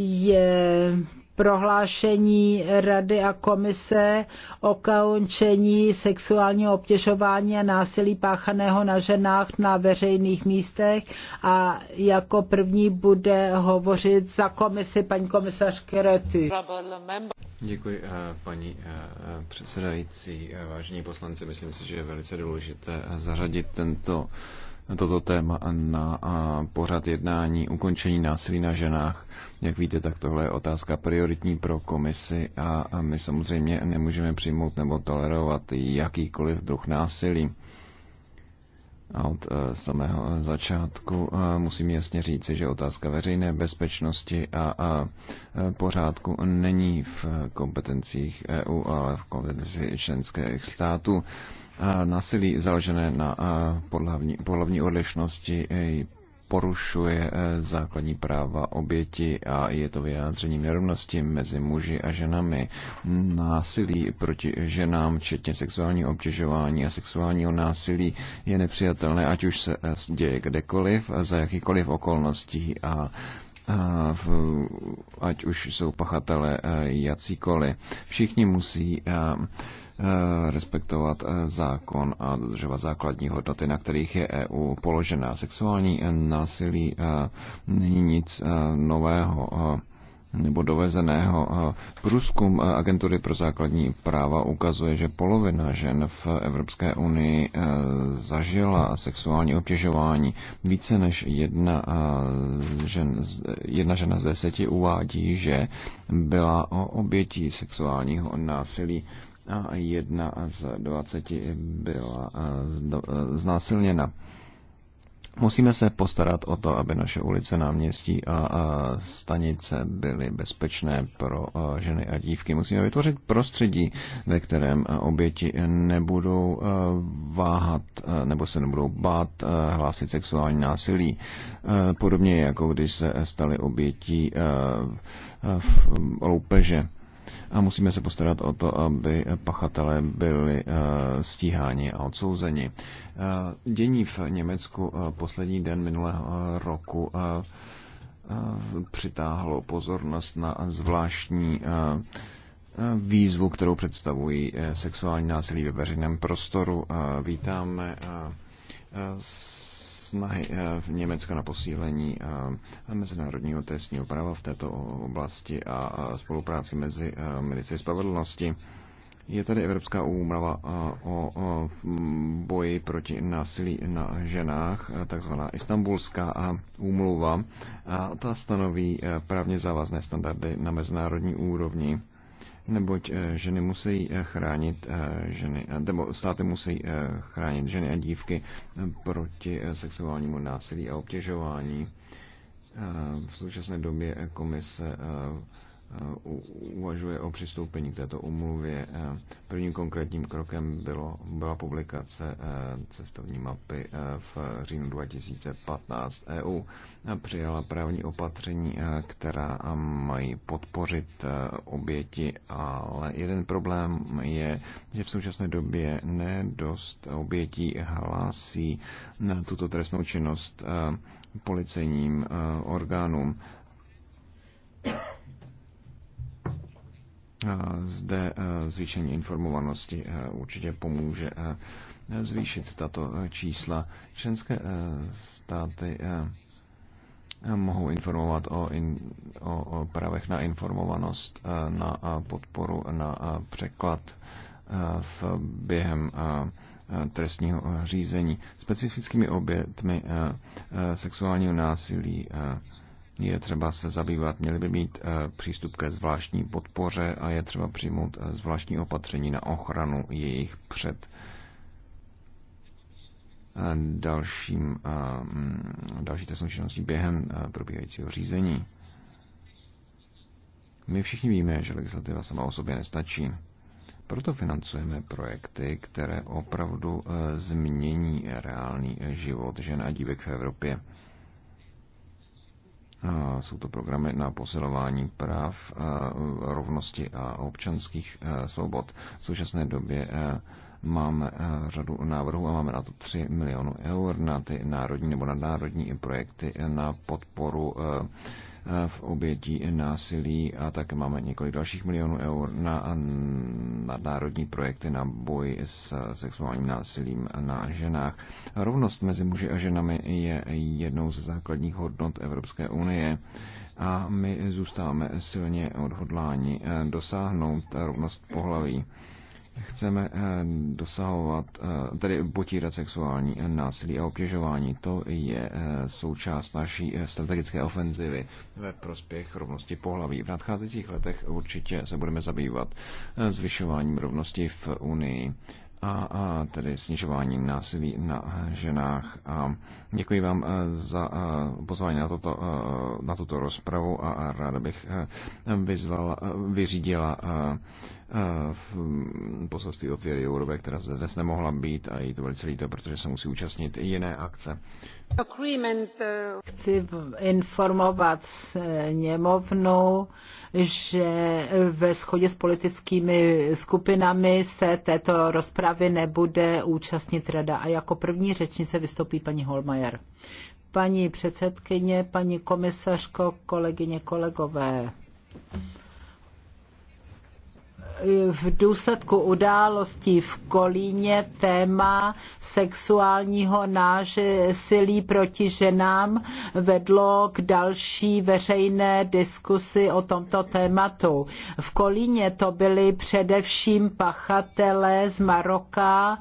je prohlášení Rady a komise o končení sexuálního obtěžování a násilí páchaného na ženách na veřejných místech a jako první bude hovořit za komisi paní komisařky Rety. Děkuji, eh, paní eh, eh, předsedající. Vážení poslanci, myslím si, že je velice důležité zařadit tento toto téma na pořad jednání ukončení násilí na ženách. Jak víte, tak tohle je otázka prioritní pro komisi a my samozřejmě nemůžeme přijmout nebo tolerovat jakýkoliv druh násilí. A od e, samého začátku e, musím jasně říci, že otázka veřejné bezpečnosti a, a e, pořádku není v kompetencích EU, ale v kompetenci členských států násilí založené na pohlavní, odlišnosti e, porušuje e, základní práva oběti a je to vyjádření nerovnosti mezi muži a ženami. Násilí proti ženám, včetně sexuální obtěžování a sexuálního násilí, je nepřijatelné, ať už se e, děje kdekoliv, za jakýkoliv okolností a ať už jsou pachatelé jacíkoliv. Všichni musí Eh, respektovat eh, zákon a dodržovat základní hodnoty, na kterých je EU položená. Sexuální eh, násilí není nic nového nebo dovezeného. Průzkum Agentury pro základní práva ukazuje, že polovina žen v Evropské unii zažila sexuální obtěžování. Více než jedna, žen, jedna žena z deseti uvádí, že byla obětí sexuálního násilí a jedna z 20 byla eh, eh, znásilněna. Musíme se postarat o to, aby naše ulice, náměstí a, stanice byly bezpečné pro eh, ženy a dívky. Musíme vytvořit prostředí, ve kterém oběti nebudou váhat nebo se nebudou bát hlásit sexuální násilí. podobně jako když se staly obětí v loupeže a musíme se postarat o to, aby pachatelé byli eh, stíháni a odsouzeni. Eh, dění v Německu eh, poslední den minulého roku přitáhlo pozornost na zvláštní výzvu, kterou představují sexuální násilí ve veřejném prostoru. Vítáme snahy eh, v Německu na posílení eh, mezinárodního trestního práva v této oblasti a spolupráci mezi eh, ministry spravedlnosti. Je tady Evropská úmrava o boji proti násilí na ženách, takzvaná Istanbulská úmluva. A ta stanoví právně závazné standardy na mezinárodní úrovni neboť eh, ženy musí eh, chránit eh, ženy, nebo státy musí chránit ženy a dívky proti sexuálnímu násilí a obtěžování. V současné době komise uvažuje o přistoupení k této umluvě. Prvním konkrétním krokem bylo, byla publikace eh, cestovní mapy eh, v říjnu 2015 EU. Přijala právní opatření, eh, která mají podpořit oběti, ale jeden problém je, že v současné době nedost obětí hlásí tuto trestnou činnost policejním orgánům. Zde e, zvýšení informovanosti e, určitě pomůže e, zvýšit tato čísla. Členské státy mohou informovat o, in, o, o právech na informovanost, na podporu, na překlad v během trestního řízení. Specifickými obětmi sexuálního násilí je třeba se zabývat, měli by mít eh, přístup ke zvláštní podpoře a je třeba přijmout eh, zvláštní opatření na ochranu jejich před eh, dalším, mm, další trestnou činností během probíhajícího řízení. My všichni víme, že legislativa sama o sobě nestačí. Proto financujeme projekty, které opravdu změní reálný život žen a dívek v Evropě. Jsou to programy na posilování práv, rovnosti a občanských svobod. V současné době máme řadu návrhů a máme na to 3 milionů eur na ty národní nebo nadnárodní projekty na podporu v obětí násilí a také máme několik dalších milionů eur na, na národní projekty na boj s sexuálním násilím na ženách. Rovnost mezi muži a ženami je jednou ze základních hodnot Evropské unie a my zůstáváme silně odhodláni dosáhnout rovnost pohlaví chceme eh, dosahovat, eh, tedy potírat sexuální eh, násilí a obtěžování. To je součást naší strategické ofenzivy ve prospěch rovnosti pohlaví. V nadcházejících letech určitě se budeme zabývat zvyšováním rovnosti v Unii a, a tedy snižování násilí na ženách. A děkuji vám e, za e, pozvání na, toto, e, na tuto rozpravu a ráda bych vyzvala, vyřídila poselství od Věry Jourove, která zde dnes nemohla být a jí to velice líto, protože se musí účastnit i jiné akce. Uh, Chci informovat Němovnu, že ve shodě s politickými skupinami se této rozpravy nebude účastnit rada a jako první řečnice vystoupí paní Holmajer. Paní předsedkyně, paní komisařko, kolegyně, kolegové v důsledku událostí v Kolíně téma sexuálního násilí proti ženám vedlo k další veřejné diskusi o tomto tématu. V Kolíně to byly především pachatelé z Maroka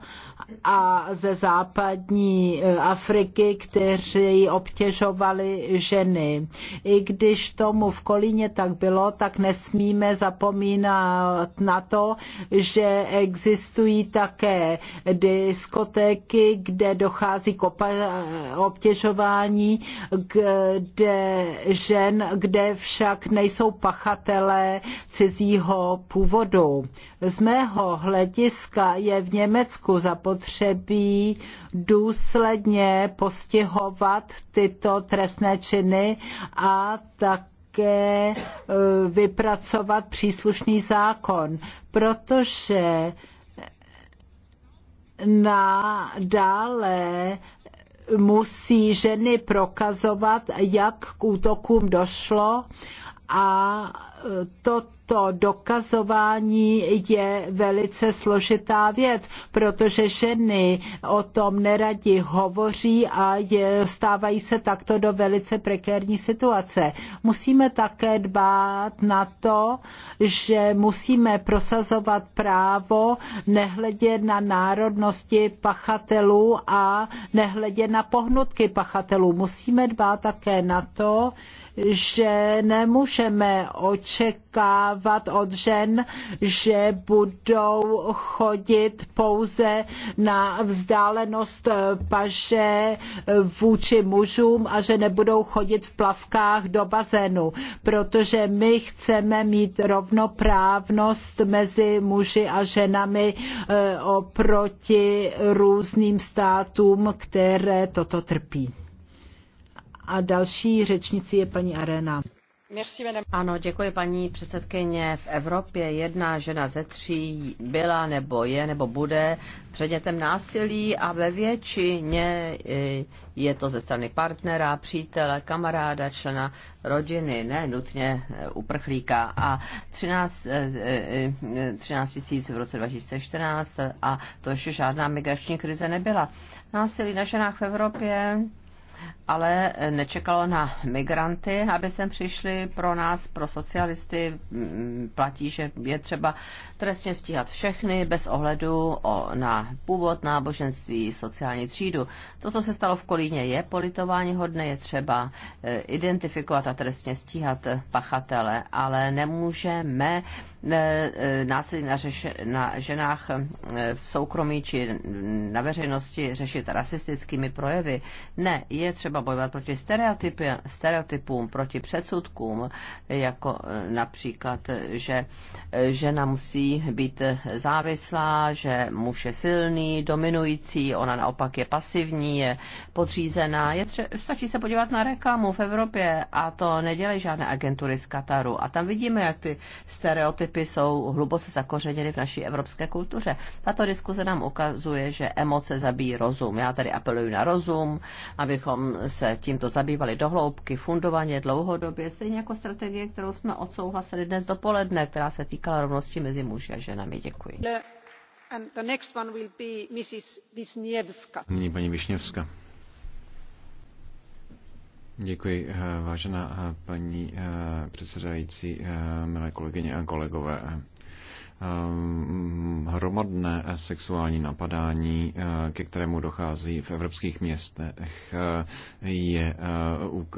a ze západní e, Afriky, kteří obtěžovali ženy. I když tomu v Kolíně tak bylo, tak nesmíme zapomínat na to, že existují také diskotéky, kde dochází k obtěžování kde žen, kde však nejsou pachatelé cizího původu. Z mého hlediska je v Německu zapotřebí důsledně postihovat tyto trestné činy a tak také eh, vypracovat příslušný zákon, protože na musí ženy prokazovat, jak k útokům došlo a eh, to to dokazování je velice složitá věc, protože ženy o tom neradi hovoří a je, stávají se takto do velice prekérní situace. Musíme také dbát na to, že musíme prosazovat právo nehledě na národnosti pachatelů a nehledě na pohnutky pachatelů. Musíme dbát také na to, že nemůžeme očekávat, očekávat od žen, že budou chodit pouze na vzdálenost paže vůči mužům a že nebudou chodit v plavkách do bazénu, protože my chceme mít rovnoprávnost mezi muži a ženami eh, oproti různým státům, které toto trpí. A další řečnicí je paní Arena. Ano, děkuji paní předsedkyně. V Evropě jedna žena ze tří byla nebo je nebo bude předmětem násilí a ve většině e, je to ze strany partnera, přítele, kamaráda, člena rodiny, ne nutně e, uprchlíka. A 13, 13 e, tisíc v roce 2014 a to ještě žádná migrační krize nebyla. Násilí na ženách v Evropě ale nečekalo na migranty, aby sem přišli. Pro nás, pro socialisty, mm, platí, že je třeba trestně stíhat všechny bez ohledu o, na původ náboženství, sociální třídu. To, co se stalo v Kolíně, je politování hodné, je třeba eh, identifikovat a trestně stíhat pachatele, ale nemůžeme Eh, násilí na, na ženách eh, v soukromí či na veřejnosti řešit rasistickými projevy. Ne, je třeba bojovat proti stereotypy, stereotypům, proti předsudkům, jako eh, například, že žena musí být závislá, že muž je silný, dominující, ona naopak je pasivní, je podřízená. Je tře- stačí se podívat na reklamu v Evropě a to nedělají žádné agentury z Kataru. A tam vidíme, jak ty stereotypy stereotypy jsou hluboce zakořeněny v naší evropské kultuře. Tato diskuze nám ukazuje, že emoce zabíjí rozum. Já tady apeluji na rozum, abychom se tímto zabývali dohloubky, fundovaně, dlouhodobě, stejně jako strategie, kterou jsme odsouhlasili dnes dopoledne, která se týkala rovnosti mezi muži a ženami. Děkuji. Nyní paní Višněvska. Děkuji, eh, vážená eh, paní eh, předsedající, milé kolegyně a kolegové. Mm, hromadné sexuální napadání, ke kterému dochází v evropských městech, je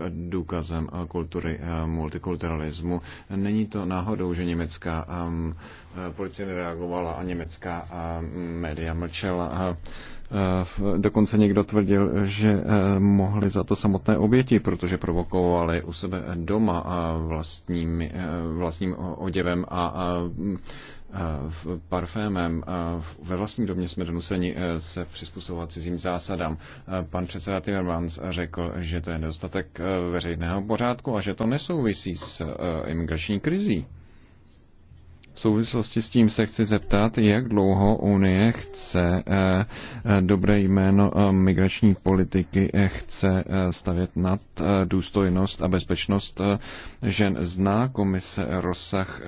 důkazem kultury multikulturalismu. Není to náhodou, že německá policie nereagovala a německá média mlčela. Eh, dokonce někdo tvrdil, že eh, mohli za to samotné oběti, protože provokovali u sebe doma eh, a vlastním, vlastním oděvem a parfémem. Ve vlastním domě jsme donuseni se přizpůsobovat cizím zásadám. Pan předseda Timmermans řekl, že to je nedostatek veřejného pořádku a že to nesouvisí s imigrační krizí. V souvislosti s tím se chci zeptat, jak dlouho Unie chce eh, eh, dobré jméno eh, migrační politiky, chce stavět nad důstojnost a bezpečnost žen. Zná komise rozsah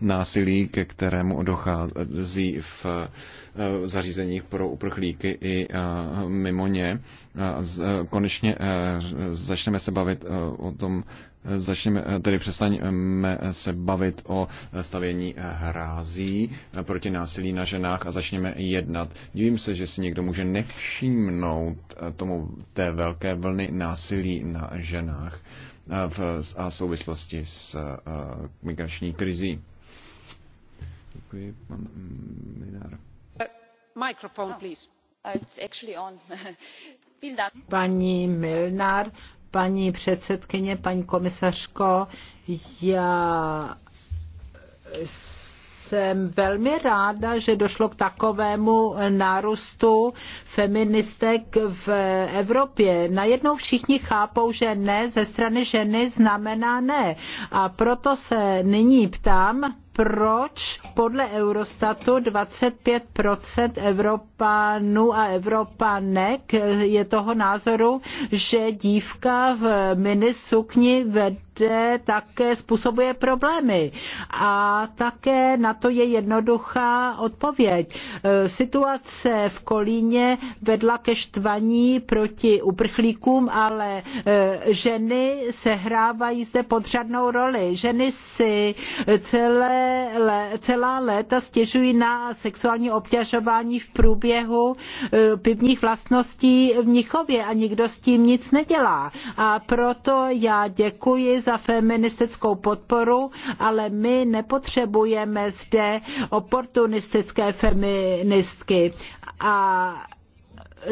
násilí, ke kterému dochází v zařízeních pro uprchlíky i mimo ně. Konečně začneme se bavit o tom, začneme, eh, tedy přestaňme eh, se bavit o eh, stavění hrází proti násilí na ženách a začněme jednat. Dívím se, že si někdo může nevšimnout tomu té velké vlny násilí na ženách v, a souvislosti s migrační krizí. Děkuji, pan mm, Minár. Mikrofon, please. No, Paní Milnár, paní předsedkyně, paní komisařko. Já jsem velmi ráda, že došlo k takovému nárůstu feministek v Evropě. Najednou všichni chápou, že ne ze strany ženy znamená ne. A proto se nyní ptám, proč podle Eurostatu 25% Evropanů a Evropanek je toho názoru, že dívka v minisukni vede také způsobuje problémy. A také na to je jednoduchá odpověď. Situace v Kolíně vedla ke štvaní proti uprchlíkům, ale eh, ženy sehrávají zde podřadnou roli. Ženy si celé celá léta stěžují na sexuální obtěžování v průběhu eh, pivních vlastností v Mnichově a nikdo s tím nic nedělá. A proto já děkuji za feministickou podporu, ale my nepotřebujeme zde oportunistické feministky. A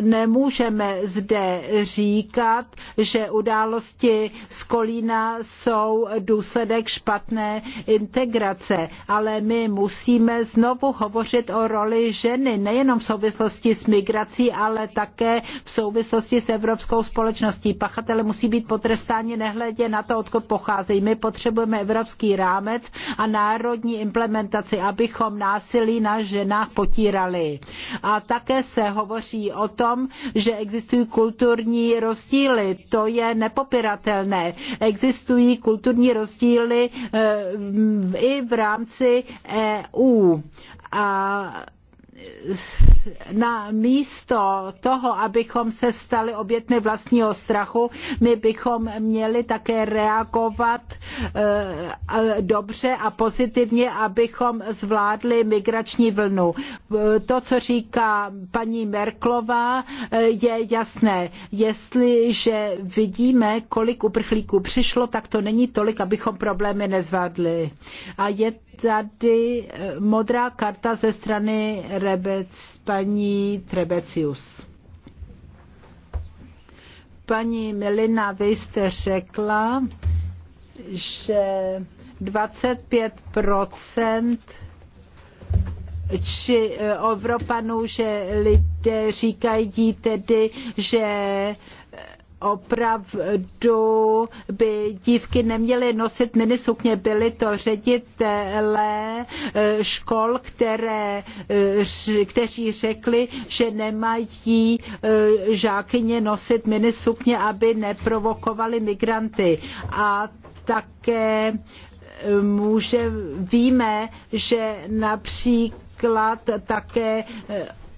nemůžeme zde říkat, že události z Kolína jsou důsledek špatné integrace, ale my musíme znovu hovořit o roli ženy, nejenom v souvislosti s migrací, ale také v souvislosti s evropskou společností. Pachatele musí být potrestáni nehledě na to, odkud pocházejí. My potřebujeme evropský rámec a národní implementaci, abychom násilí na ženách potírali. A také se hovoří o tom, tom, že existují kulturní rozdíly. To je nepopiratelné. Existují kulturní rozdíly eh, i v rámci EU. A na místo toho, abychom se stali obětmi vlastního strachu, my bychom měli také reagovat eh, dobře a pozitivně, abychom zvládli migrační vlnu. Eh, to, co říká paní Merklová, eh, je jasné. Jestliže vidíme, kolik uprchlíků přišlo, tak to není tolik, abychom problémy nezvládli. A je tady eh, modrá karta ze strany Rebec, paní Trebecius. Paní Milina, vy jste řekla, že 25 či eh, Evropanů, že lidé říkají tedy, že opravdu by dívky neměly nosit minisukně, byly to ředitelé eh, škol, které, eh, kteří řekli, že nemají eh, žákyně nosit minisukně, aby neprovokovali migranty. A také může, víme, že například také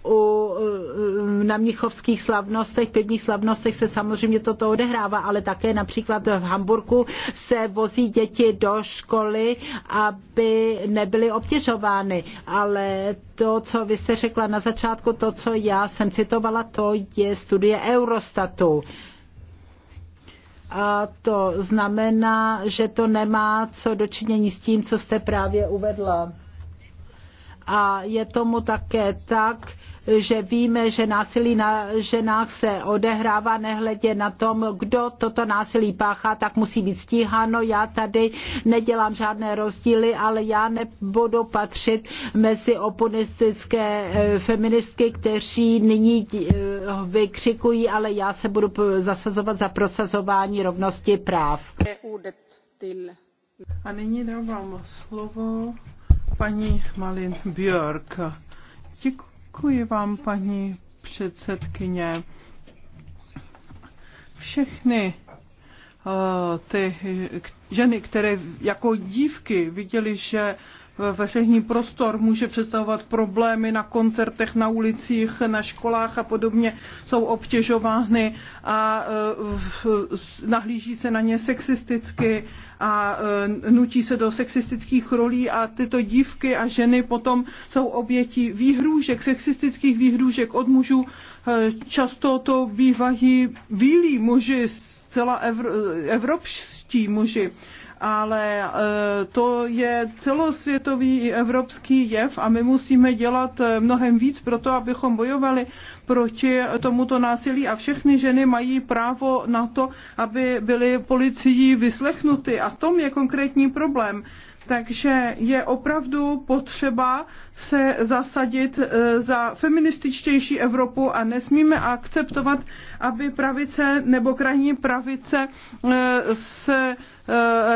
u, eh, na mnichovských slavnostech, pivních slavnostech se samozřejmě toto odehrává, ale také například v Hamburku se vozí děti do školy, aby nebyly obtěžovány. Ale to, co vy jste řekla na začátku, to, co já jsem citovala, to je studie Eurostatu a to znamená, že to nemá co dočinění s tím, co jste právě uvedla. A je tomu také tak, že víme, že násilí na ženách se odehrává nehledě na tom, kdo toto násilí páchá, tak musí být stíháno. Já tady nedělám žádné rozdíly, ale já nebudu patřit mezi oponistické eh, feministky, kteří nyní eh, vykřikují, ale já se budu zasazovat za prosazování rovnosti práv. A nyní dávám slovo paní Malin Björk. Děkuji. Děkuji vám, paní předsedkyně. Všechny eh, ty ženy, které jako dívky viděly, že veřejný prostor může představovat problémy na koncertech, na ulicích, na školách a podobně, jsou obtěžovány a eh, nahlíží se na ně sexisticky a eh, nutí se do sexistických rolí a tyto dívky a ženy potom jsou obětí výhrůžek, sexistických výhrůžek od mužů. Eh, často to bývají bílí muži, zcela evro, evropští muži ale e, to je celosvětový i evropský jev a my musíme dělat e, mnohem víc pro to, abychom bojovali proti tomuto násilí a všechny ženy mají právo na to, aby byly policií vyslechnuty a tom je konkrétní problém takže je opravdu potřeba se zasadit e, za feminističtější Evropu a nesmíme akceptovat, aby pravice nebo krajní pravice e, se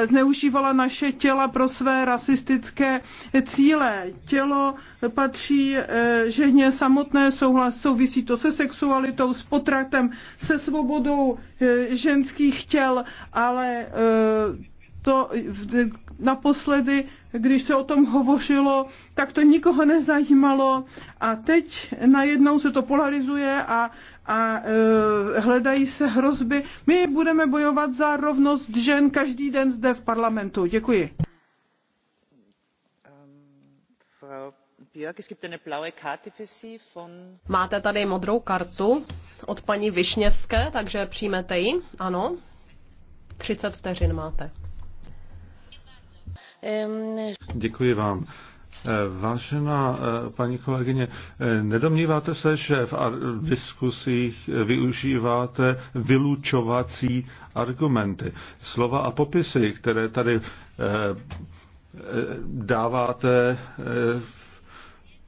e, zneužívala naše těla pro své rasistické cíle. Tělo patří ženě samotné, souhlas souvisí to se sexualitou, s potratem, se svobodou ženských těl, ale to naposledy, když se o tom hovořilo, tak to nikoho nezajímalo a teď najednou se to polarizuje a, a e, hledají se hrozby. My budeme bojovat za rovnost žen každý den zde v parlamentu. Děkuji. Máte tady modrou kartu od paní Višněvské, takže přijmete ji. Ano. 30 vteřin máte. Děkuji vám. Eh, vážená eh, paní kolegyně, eh, nedomníváte se, že v diskusích využíváte vylučovací argumenty? Slova a popisy, které tady dáváte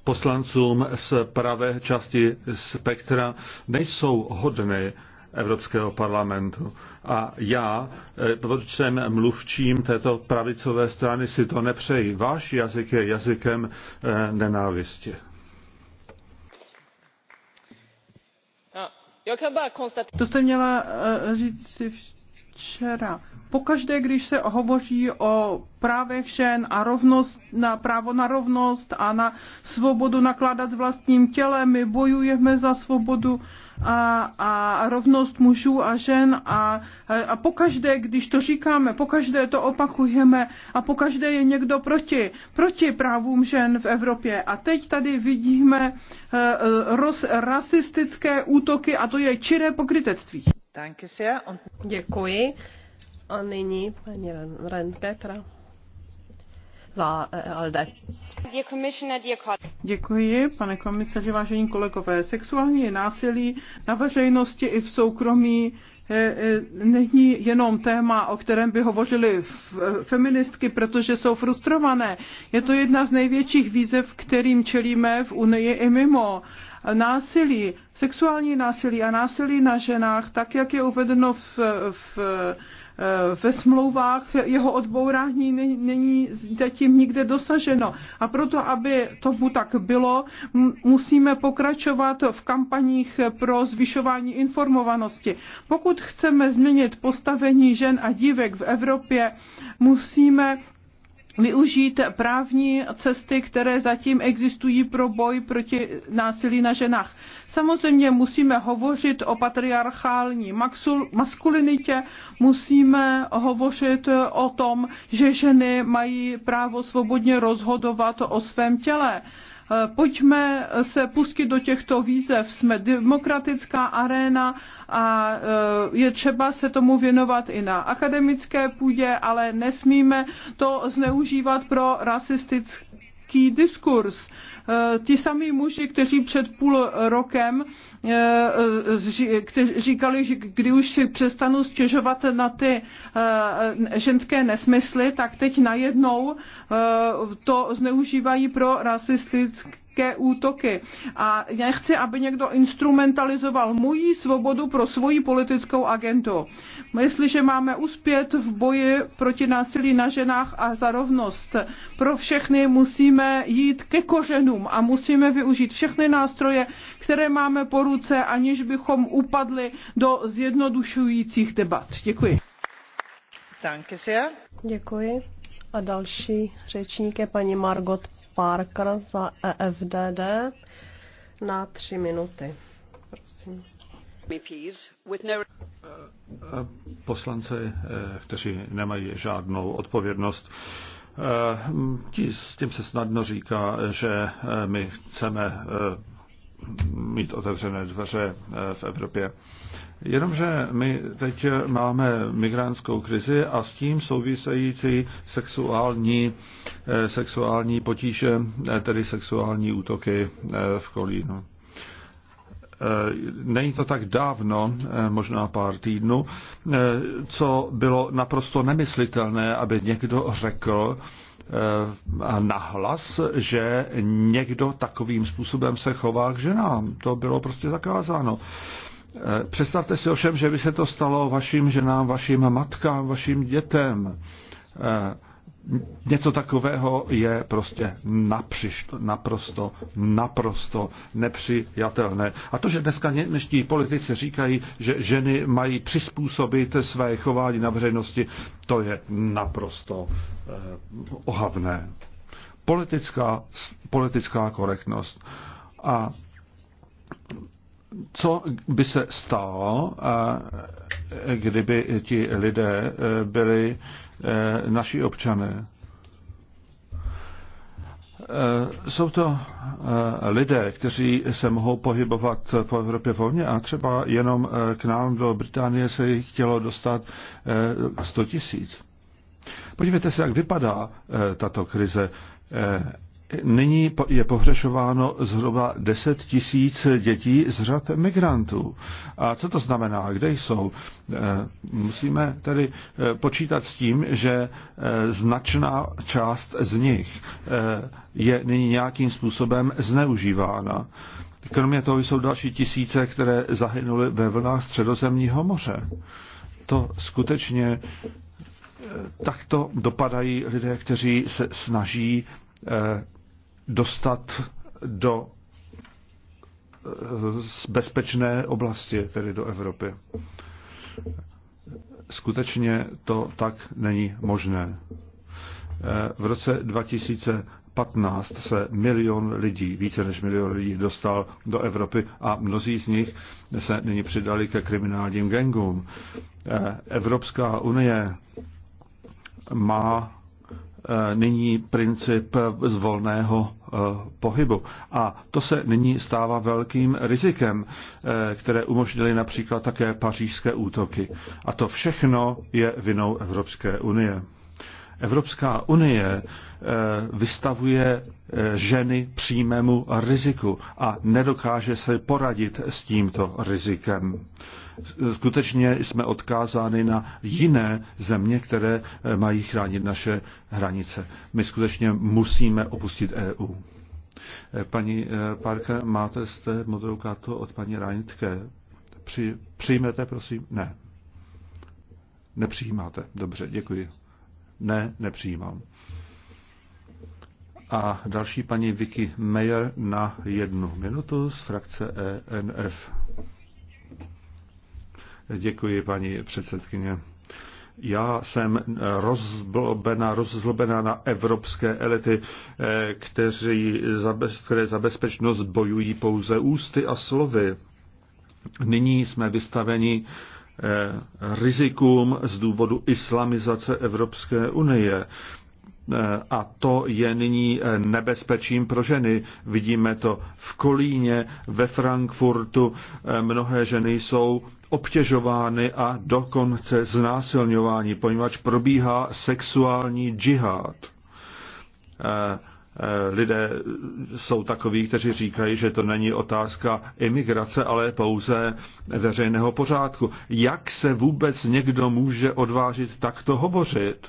poslancům z pravé části spektra, nejsou hodné Evropského parlamentu. A já, eh, protože jsem mluvčím této pravicové strany, si to nepřeji. Váš jazyk je jazykem eh, nenávisti. To jste měla eh, říct si včera. Pokaždé, když se hovoří o právech žen a rovnost, na právo na rovnost a na svobodu nakládat s vlastním tělem, my bojujeme za svobodu a, a rovnost mužů a žen a, a pokaždé, když to říkáme, pokaždé to opakujeme a pokaždé je někdo proti, proti právům žen v Evropě. A teď tady vidíme eh, roz, rasistické útoky a to je čiré pokrytectví. Děkuji. A nyní paní Renke, která za eh, Děkuji, pane komisaři, vážení kolegové. Sexuální násilí na veřejnosti i v soukromí eh, eh, není jenom téma, o kterém by hovořily feministky, protože jsou frustrované. Je to jedna z největších výzev, kterým čelíme v Unii i mimo. Násilí, sexuální násilí a násilí na ženách, tak jak je uvedeno v, v Eh, ve smlouvách jeho odbourání není zatím nikde dosaženo. A proto, aby tomu tak bylo, musíme pokračovat v kampaních pro zvyšování informovanosti. Pokud chceme změnit postavení žen a dívek v Evropě, musíme využít právní cesty, které zatím existují pro boj proti násilí na ženách. Samozřejmě musíme hovořit o patriarchální maskulinitě, musíme hovořit o tom, že ženy mají právo svobodně rozhodovat o svém těle. Pojďme se pustit do těchto výzev. Jsme demokratická aréna a e, je třeba se tomu věnovat i na akademické půdě, ale nesmíme to zneužívat pro rasistické diskurs. E, ti samí muži, kteří před půl rokem e, říkali, že kdy už si přestanu stěžovat na ty ženské nesmysly, tak teď najednou to zneužívají pro rasistický teroristické útoky. A nechci, aby někdo instrumentalizoval moji svobodu pro svoji politickou agendu. Jestliže máme uspět v boji proti násilí na ženách a za rovnost pro všechny, musíme jít ke kořenům a musíme využít všechny nástroje, které máme po ruce, aniž bychom upadli do zjednodušujících debat. Děkuji. Děkuji. A další řečník je paní Margot Parker za EFDD na tři minuty. Prosím. Poslanci, eh, kteří nemají žádnou odpovědnost, eh, s tím se snadno říká, že eh, my chceme mít otevřené dveře eh, v Evropě. Jenomže my teď máme migrantskou krizi a s tím související sexuální, eh, sexuální potíže, eh, tedy sexuální útoky v Kolínu. Není to tak dávno, možná pár týdnů, co bylo naprosto nemyslitelné, aby někdo řekl, Eh, nahlas, že někdo takovým způsobem se chová k ženám. To bylo prostě zakázáno. Eh, představte si ovšem, že by se to stalo vašim ženám, vašim matkám, vašim dětem eh, něco takového je prostě napřišto, naprosto, naprosto nepřijatelné. A to, že dneska dnešní politici říkají, že ženy mají přizpůsobit své chování na veřejnosti, to je naprosto eh, ohavné. Politická, politická korektnost. A co by se stalo, eh, kdyby ti lidé eh, byli eh, Eh, naši občané. Eh, jsou to eh, lidé, kteří se mohou pohybovat po Evropě volně a třeba jenom k nám do Británie se jich chtělo dostat 100 tisíc. Podívejte se, jak vypadá tato krize. Nyní je pohřešováno zhruba 10 tisíc dětí z řad migrantů. A co to znamená? Kde jsou? Eh, musíme tedy eh, počítat s tím, že eh, značná část z nich je nyní nějakým způsobem zneužívána. Kromě toho jsou další tisíce, které zahynuly ve vlnách středozemního moře. To skutečně takto dopadají lidé, kteří se snaží dostat do eh, z bezpečné oblasti, tedy do Evropy. Skutečně to tak není možné. Eh, v roce 2015 se milion lidí, více než milion lidí, dostal do Evropy a mnozí z nich se nyní přidali ke kriminálním gangům. Eh, Evropská unie má nyní princip z volného Eh, pohybu. A to se nyní stává velkým rizikem, eh, které umožnily například také pařížské útoky. A to všechno je vinou Evropské unie. Evropská unie eh, vystavuje ženy přímému riziku a nedokáže se poradit s tímto rizikem skutečně jsme odkázáni na jiné země, které eh, mají chránit naše hranice. My skutečně musíme opustit EU. Eh, paní eh, Parker, máte jste modrou kartu od paní Reintke? Při, přijmete, prosím? Ne. Nepřijímáte. Dobře, děkuji. Ne, nepřijímám. A další paní Vicky Mayer na jednu minutu z frakce ENF. Děkuji, paní předsedkyně. Já jsem rozblobená, rozzlobená na evropské elity, eh, kteří za které za bezpečnost bojují pouze ústy a slovy. Nyní jsme vystaveni eh, rizikům z důvodu islamizace Evropské unie. Eh, a to je nyní nebezpečím pro ženy. Vidíme to v Kolíně, ve Frankfurtu. Mnohé ženy jsou obtěžovány a dokonce znásilňováni, poněvadž probíhá sexuální džihad. E, e, lidé jsou takoví, kteří říkají, že to není otázka imigrace, ale pouze veřejného pořádku. Jak se vůbec někdo může odvážit takto hovořit?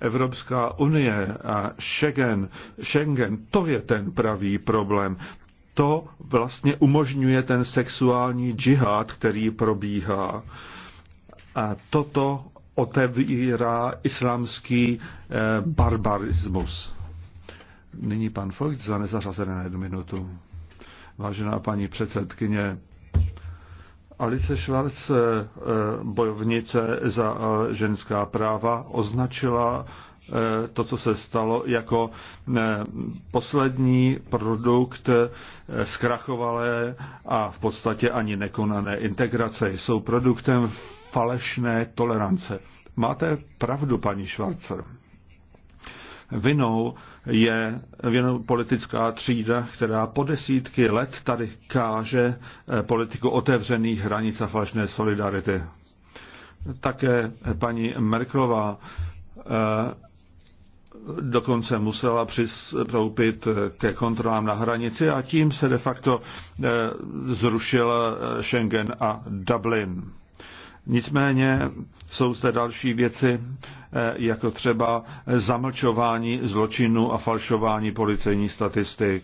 Evropská unie a Schengen, Schengen, to je ten pravý problém to vlastně umožňuje ten sexuální džihad, který probíhá. A toto otevírá islámský eh, barbarismus. Nyní pan Fogt za nezařazené na jednu minutu. Vážená paní předsedkyně, Alice Schwarz, eh, eh, bojovnice za eh, ženská práva, označila Eh, to, co se stalo, jako eh, poslední produkt eh, zkrachovalé a v podstatě ani nekonané integrace. Jsou produktem falešné tolerance. Máte pravdu, paní Švarcer. Vinou je vinou politická třída, která po desítky let tady káže politiku otevřených hranic a falešné solidarity. Také paní Merklová dokonce musela přistoupit ke kontrolám na hranici a tím se de facto eh, zrušil eh, Schengen a Dublin. Nicméně jsou zde další věci, eh, jako třeba zamlčování zločinu a falšování policejních statistik,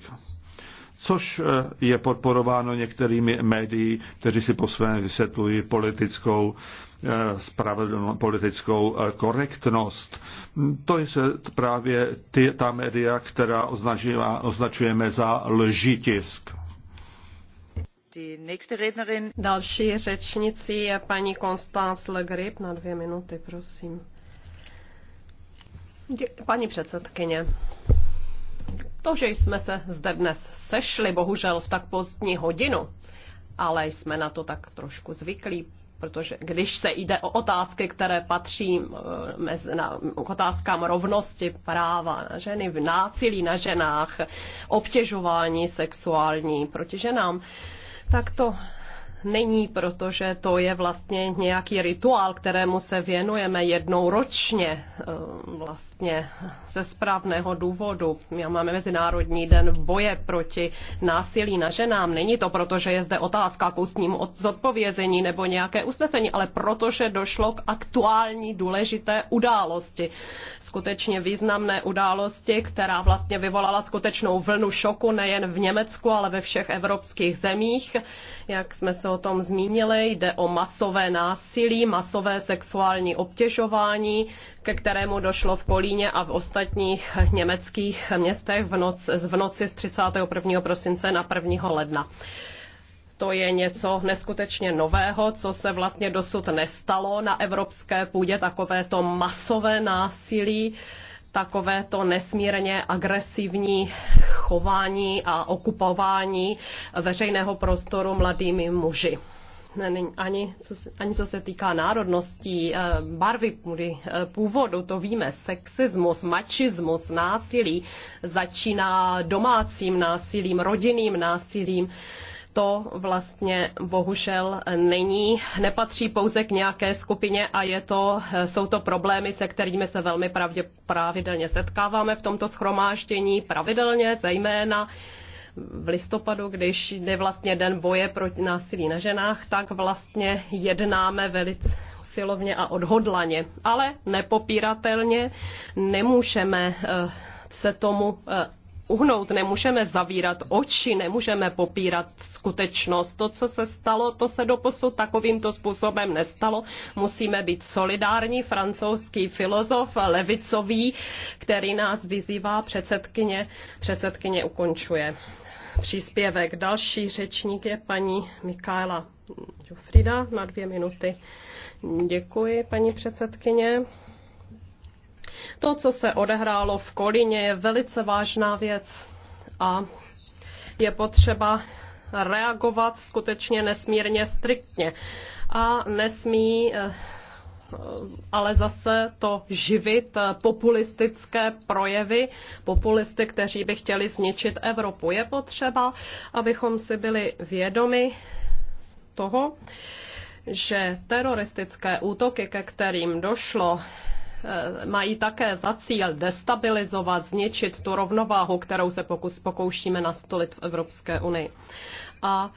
což je podporováno některými médií, kteří si po svém vysvětlují politickou Eh, spravedlnou politickou eh, korektnost. To je právě ty, ta média, která označila, označujeme za lžitisk. Další řečnicí je paní Constance Le Grip na dvě minuty, prosím. paní předsedkyně, to, že jsme se zde dnes sešli, bohužel v tak pozdní hodinu, ale jsme na to tak trošku zvyklí, protože když se jde o otázky, které patří eh, mezi, na, k otázkám rovnosti práva na ženy, v násilí na ženách, obtěžování sexuální proti ženám, tak to není, protože to je vlastně nějaký rituál, kterému se věnujeme jednou ročně. Eh, vlastně špatně, ze správného důvodu. My máme Mezinárodní den boje proti násilí na ženám. Není to proto, že je zde otázka k ústnímu zodpovězení nebo nějaké usnesení, ale protože došlo k aktuální důležité události. Skutečně významné události, která vlastně vyvolala skutečnou vlnu šoku nejen v Německu, ale ve všech evropských zemích. Jak jsme se o tom zmínili, jde o masové násilí, masové sexuální obtěžování, ke kterému došlo v Kolí Berlíně a v ostatních německých městech v, noc, v noci z 31. prosince na 1. ledna to je něco neskutečně nového, co se vlastně dosud nestalo na evropské půdě, takové to masové násilí, takové to nesmírně agresivní chování a okupování veřejného prostoru mladými muži ani co, se, ani co se týká národností, eh, barvy eh, původu, to víme, sexismus, mačismus, násilí začíná domácím násilím, rodinným násilím to vlastně bohužel není, nepatří pouze k nějaké skupině a je to, eh, jsou to problémy, se kterými se velmi pravdě, pravidelně setkáváme v tomto schromáždění, pravidelně zejména v listopadu, když jde vlastně den boje proti násilí na ženách, tak vlastně jednáme velice silovně a odhodlaně. Ale nepopíratelně nemůžeme eh, se tomu eh, uhnout, nemůžeme zavírat oči, nemůžeme popírat skutečnost. To, co se stalo, to se doposud takovýmto způsobem nestalo. Musíme být solidární. Francouzský filozof levicový, který nás vyzývá předsedkyně, předsedkyně ukončuje příspěvek. Další řečník je paní Mikála Jufrida na dvě minuty. Děkuji, paní předsedkyně. To, co se odehrálo v Kolíně, je velice vážná věc a je potřeba reagovat skutečně nesmírně striktně a nesmí eh, ale zase to živit populistické projevy, populisty, kteří by chtěli zničit Evropu. Je potřeba, abychom si byli vědomi toho, že teroristické útoky, ke kterým došlo, Eh, mají také za cíl destabilizovat, zničit tu rovnováhu, kterou se pokus, pokoušíme nastolit v Evropské unii. A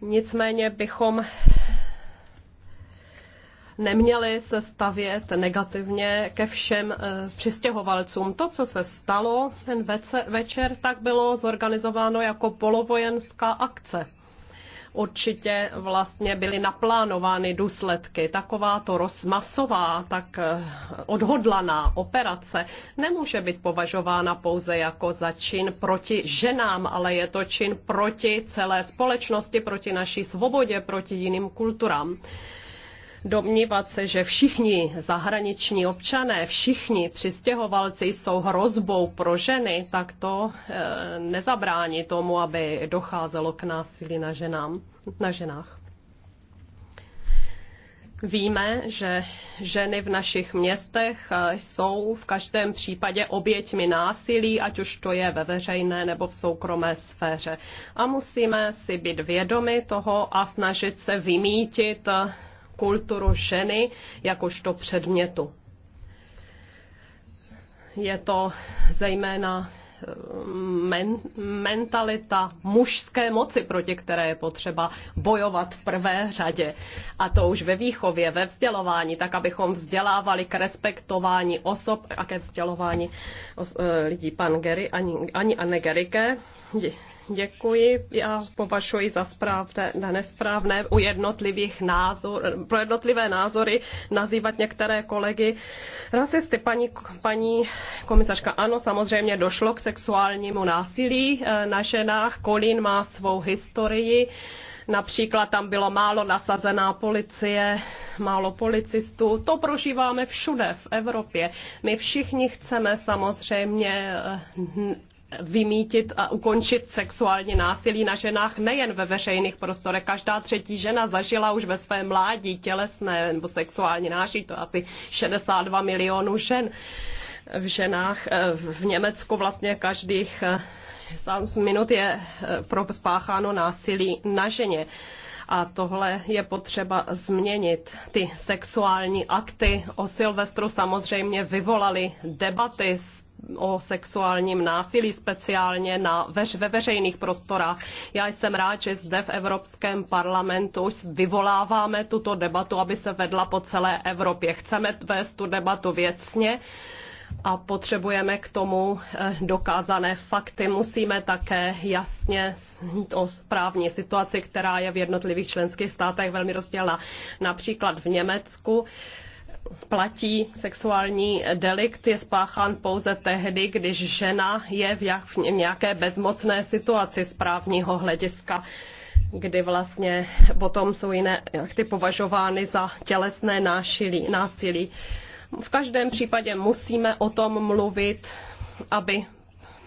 nicméně bychom neměli se stavět negativně ke všem eh, přistěhovalcům. To, co se stalo ten večer, tak bylo zorganizováno jako polovojenská akce určitě vlastně byly naplánovány důsledky. Takováto rozmasová, tak eh, odhodlaná operace nemůže být považována pouze jako za čin proti ženám, ale je to čin proti celé společnosti, proti naší svobodě, proti jiným kulturám. Domnívat se, že všichni zahraniční občané, všichni přistěhovalci jsou hrozbou pro ženy, tak to eh, nezabrání tomu, aby docházelo k násilí na, ženám, na ženách. Víme, že ženy v našich městech eh, jsou v každém případě oběťmi násilí, ať už to je ve veřejné nebo v soukromé sféře. A musíme si být vědomi toho a snažit se vymítit eh, kulturu ženy jakožto předmětu. Je to zejména eh, men, mentalita mužské moci, proti které je potřeba bojovat v prvé řadě. A to už ve výchově, ve vzdělování, tak abychom vzdělávali k respektování osob a ke vzdělování os, eh, lidí pan Gery, ani, ani Anne Gerike. Děkuji. Já považuji za správné, na nesprávné u jednotlivých názor, pro jednotlivé názory nazývat některé kolegy rasisty. Paní, paní komisařka, ano, samozřejmě došlo k sexuálnímu násilí eh, na ženách. Kolín má svou historii. Například tam bylo málo nasazená policie, málo policistů. To prožíváme všude v Evropě. My všichni chceme samozřejmě eh, vymítit a ukončit sexuální násilí na ženách nejen ve veřejných prostorech. Každá třetí žena zažila už ve své mládí tělesné nebo sexuální náší, to je asi 62 milionů žen v ženách. Eh, v Německu vlastně každých 7 eh, minut je eh, spácháno násilí na ženě a tohle je potřeba změnit. Ty sexuální akty o Silvestru samozřejmě vyvolaly debaty, o sexuálním násilí, speciálně na veř, ve veřejných prostorách. Já jsem rád, že zde v Evropském parlamentu vyvoláváme tuto debatu, aby se vedla po celé Evropě. Chceme vést tu debatu věcně a potřebujeme k tomu eh, dokázané fakty. Musíme také jasně o správní situaci, která je v jednotlivých členských státech velmi rozdělná. Například v Německu platí sexuální delikt je spáchán pouze tehdy, když žena je v nějaké bezmocné situaci z právního hlediska kdy vlastně potom jsou jiné ty považovány za tělesné násilí. násilí. V každém případě musíme o tom mluvit, aby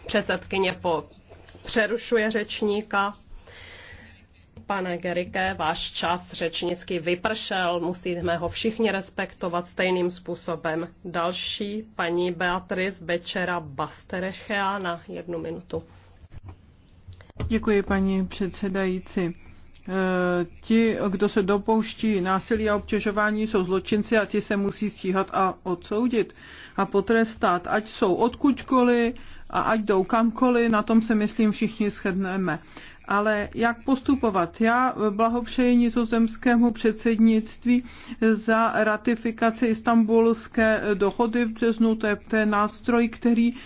předsedkyně po, přerušuje řečníka, Pane Gerike, váš čas řečnicky vypršel, musíme ho všichni respektovat stejným způsobem. Další paní Beatriz Bečera Basterechea na jednu minutu. Děkuji, paní předsedající e, ti, kdo se dopouští násilí a obtěžování, jsou zločinci a ti se musí stíhat a odsoudit a potrestat, ať jsou odkudkoliv a ať jdou kamkoliv, na tom se myslím všichni shodneme ale jak postupovat. Já blahopřeji nizozemskému předsednictví za ratifikaci istambulské dohody v březnu. To je, ten nástroj, který eh,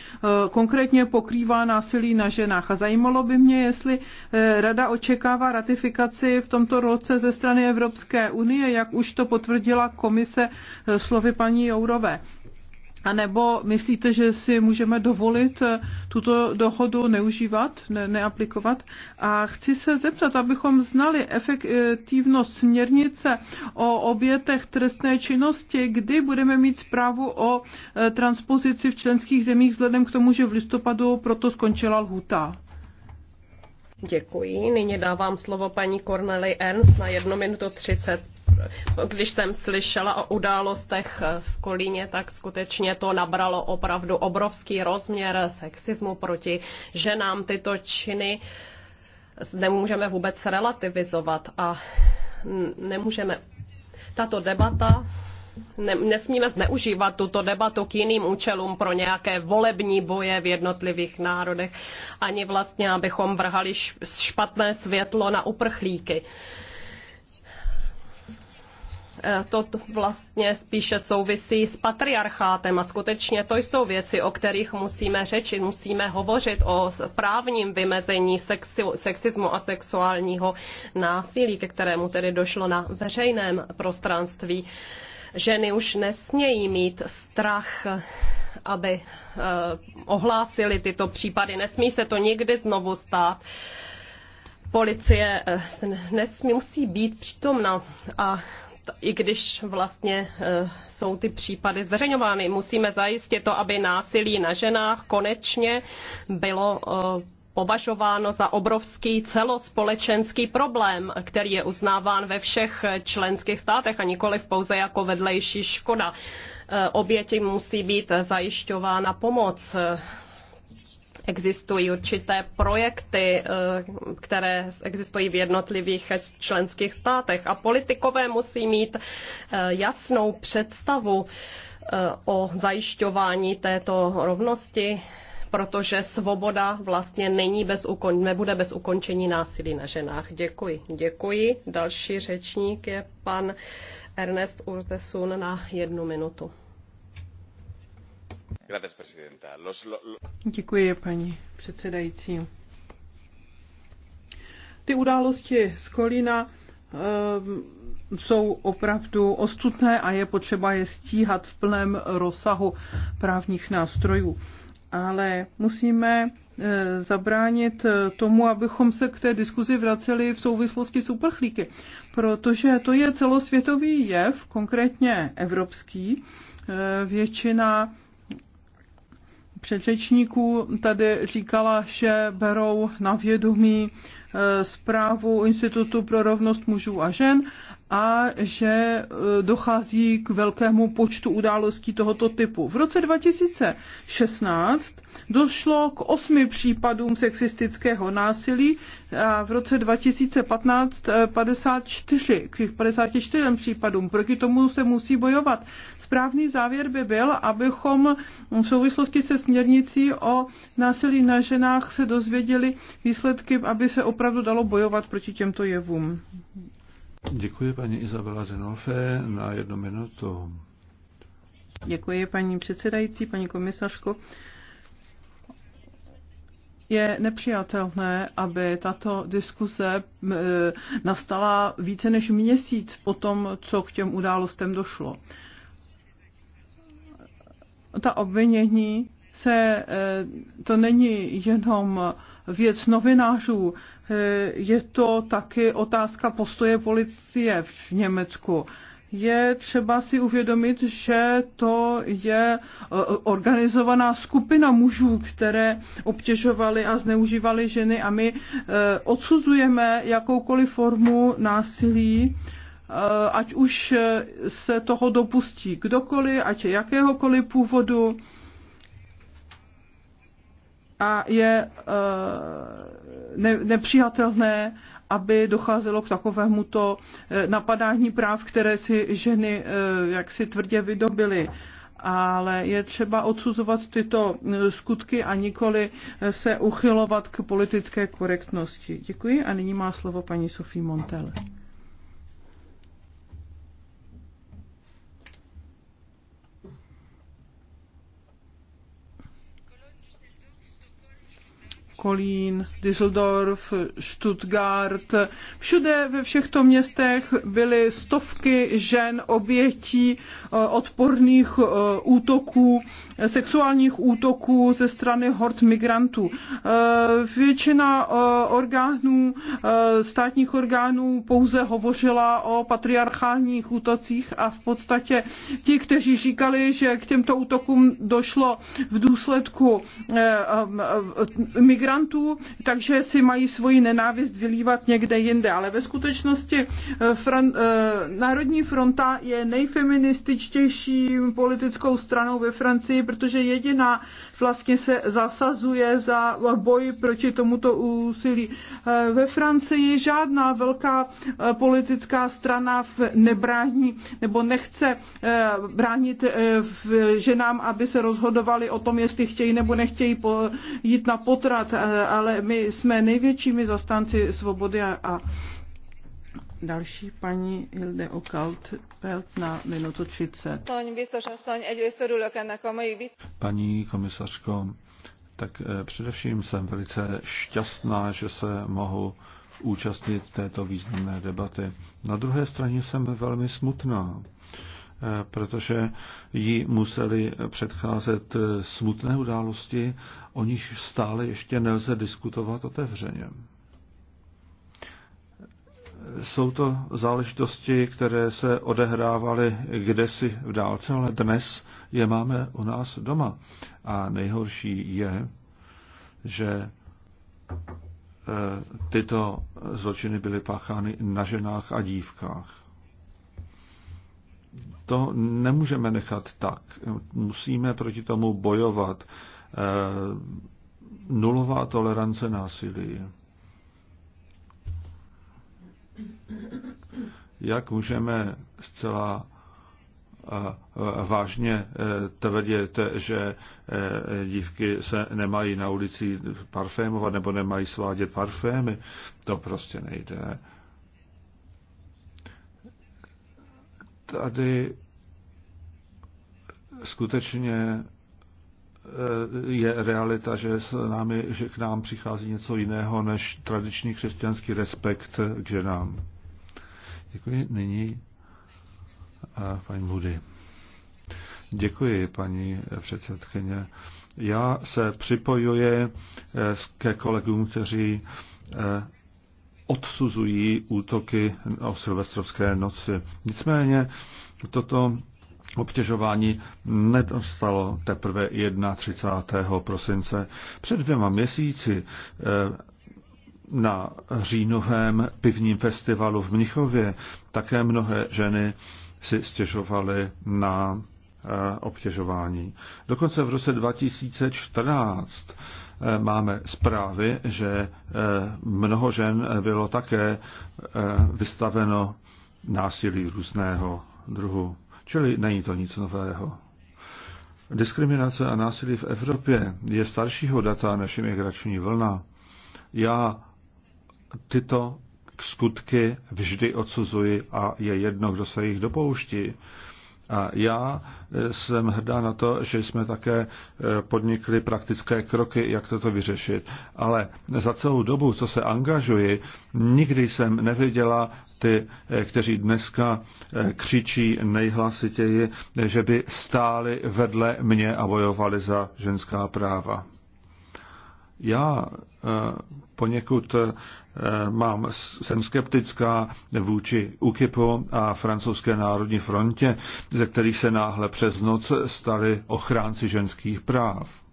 konkrétně pokrývá násilí na ženách. A zajímalo by mě, jestli eh, Rada očekává ratifikaci v tomto roce ze strany Evropské unie, jak už to potvrdila komise eh, slovy paní Jourové. A nebo myslíte, že si můžeme dovolit eh, tuto dohodu neužívat, ne, neaplikovat? A chci se zeptat, abychom znali efektivnost směrnice o obětech trestné činnosti, kdy budeme mít zprávu o eh, transpozici v členských zemích vzhledem k tomu, že v listopadu proto skončila lhuta. Děkuji. Nyní dávám slovo paní Corneli Ernst na 1 minutu 30. Když jsem slyšela o událostech v Kolíně, tak skutečně to nabralo opravdu obrovský rozměr sexismu proti ženám. Tyto činy nemůžeme vůbec relativizovat a nemůžeme. Tato debata ne, nesmíme zneužívat tuto debatu k jiným účelům pro nějaké volební boje v jednotlivých národech, ani vlastně, abychom vrhali špatné světlo na uprchlíky. Uh, Eh, to vlastně spíše souvisí s patriarchátem a skutečně to jsou věci, o kterých musíme řečit, musíme hovořit o právním vymezení sexu, sexismu a sexuálního násilí, ke kterému tedy došlo na veřejném prostranství. Ženy už nesmějí mít strach aby eh, ohlásili tyto případy. Nesmí se to nikdy znovu stát. Policie eh, nesmí, musí být přítomna a i když vlastně eh, jsou ty případy zveřejňovány. Musíme zajistit to, aby násilí na ženách konečně bylo eh, považováno za obrovský celospolečenský problém, který je uznáván ve všech členských státech a nikoli pouze jako vedlejší škoda. Eh, oběti musí být zajišťována pomoc Existují určité projekty, eh, které existují v jednotlivých členských státech a politikové musí mít eh, jasnou představu eh, o zajišťování této rovnosti, protože svoboda vlastně není bez ukon, nebude bez ukončení násilí na ženách. Děkuji. Děkuji. Další řečník je pan Ernest Urtesun na jednu minutu paní předsedající. Ty události z Kolína ehm, jsou opravdu ostudné a je potřeba je stíhat v plném rozsahu právních nástrojů. Ale musíme eh, zabránit eh, tomu, abychom se k té diskuzi vraceli v souvislosti s uprchlíky, protože to je celosvětový jev, konkrétně evropský. Eh, většina předřečníků tady říkala, že berou na vědomí eh, zprávu Institutu pro rovnost mužů a žen a že e, dochází k velkému počtu událostí tohoto typu. V roce 2016 došlo k osmi případům sexistického násilí a v roce 2015 54, e, k 54 případům. Proti tomu se musí bojovat. Správný závěr by byl, abychom v souvislosti se směrnicí o násilí na ženách se dozvěděli výsledky, aby se opravdu dalo bojovat proti těmto jevům. Děkuji paní Izabela Zenolfe na jednu minutu. Děkuji paní předsedající, paní komisařko. Je nepřijatelné, aby tato diskuze e, nastala více než měsíc po tom, co k těm událostem došlo. Ta obvinění se, e, to není jenom věc novinářů, Eh, je to taky otázka postoje policie v Německu je třeba si uvědomit, že to je eh, organizovaná skupina mužů, které obtěžovali a zneužívali ženy a my eh, odsuzujeme jakoukoliv formu násilí, ať už se toho dopustí kdokoliv, ať je jakéhokoliv původu a je ne, nepřijatelné, aby docházelo k takovému to eh, napadání práv, které si ženy eh, jaksi tvrdě vydobily ale je třeba odsuzovat tyto eh, skutky a nikoli se uchylovat k politické korektnosti. Děkuji a nyní má slovo paní Sofie Montel. Kolín, Düsseldorf, Stuttgart. Všude ve všech městech byly stovky žen obětí eh, odporných eh, útoků, sexuálních útoků ze strany hord migrantů. Eh, většina orgánů, státních orgánů pouze hovořila o patriarchálních útocích a v podstatě ti, kteří říkali, že k těmto útokům došlo v důsledku migrantů, migrantů, takže si mají svoji nenávist vylívat někde jinde. Ale ve skutečnosti eh, Fran- eh, Národní fronta je nejfeminističtější politickou stranou ve Francii, protože jediná vlastně se zasazuje za boj proti tomuto úsilí. Eh, ve Francii žádná velká eh, politická strana nebrání nebo nechce eh, bránit ženám, aby se rozhodovali o tom, jestli chtějí nebo nechtějí jít na potrat, ale my jsme největšími zastánci svobody a Další paní Hilde Okalt Pelt na minutu 30. Paní komisařko, tak eh, především jsem velice šťastná, že se mohu účastnit této významné debaty. Na druhé straně jsem velmi smutná, eh, protože ji museli předcházet eh, smutné události, o nich stále ještě nelze diskutovat otevřeně jsou to záležitosti, které se odehrávaly kdesi v dálce, ale dnes je máme u nás doma. A nejhorší je, že e, tyto zločiny byly páchány na ženách a dívkách. To nemůžeme nechat tak. Musíme proti tomu bojovat. E, nulová tolerance násilí. Jak můžeme zcela eh, eh, vážně eh, tvrdit, že dívky se nemají na ulici parfémovat nebo nemají svádět parfémy. To prostě nejde. Tady skutečně Eh, je realita, že, s námi, že k nám přichází něco jiného než tradiční křesťanský respekt k ženám. Děkuji. Nyní eh, paní Moody. Děkuji, paní předsedkyně. Já se připojuji eh, ke kolegům, kteří odsuzují útoky o silvestrovské noci. Nicméně toto obtěžování nedostalo teprve 31. prosince. Před dvěma měsíci eh, na říjnovém pivním festivalu v Mnichově také mnohé ženy si stěžovaly na eh, obtěžování. Dokonce v roce 2014 eh, máme zprávy, že mnoho žen bylo také vystaveno násilí různého druhu. Čili není to nic nového. Diskriminace a násilí v Evropě je staršího data než imigrační vlna. Já tyto skutky vždy odsuzuji a je jedno, kdo se jich dopouští. A já e, jsem hrdá na to, že jsme také e, podnikli praktické kroky, jak toto vyřešit. Ale za celou dobu, co se angažuji, nikdy jsem neviděla ty, e, kteří dneska křičí nejhlasitěji, že by stáli vedle mě a bojovali za ženská práva. Já poněkud Eh, mám, jsem skeptická vůči UKIPu a francouzské národní frontě, ze kterých se náhle přes noc stali ochránci ženských práv.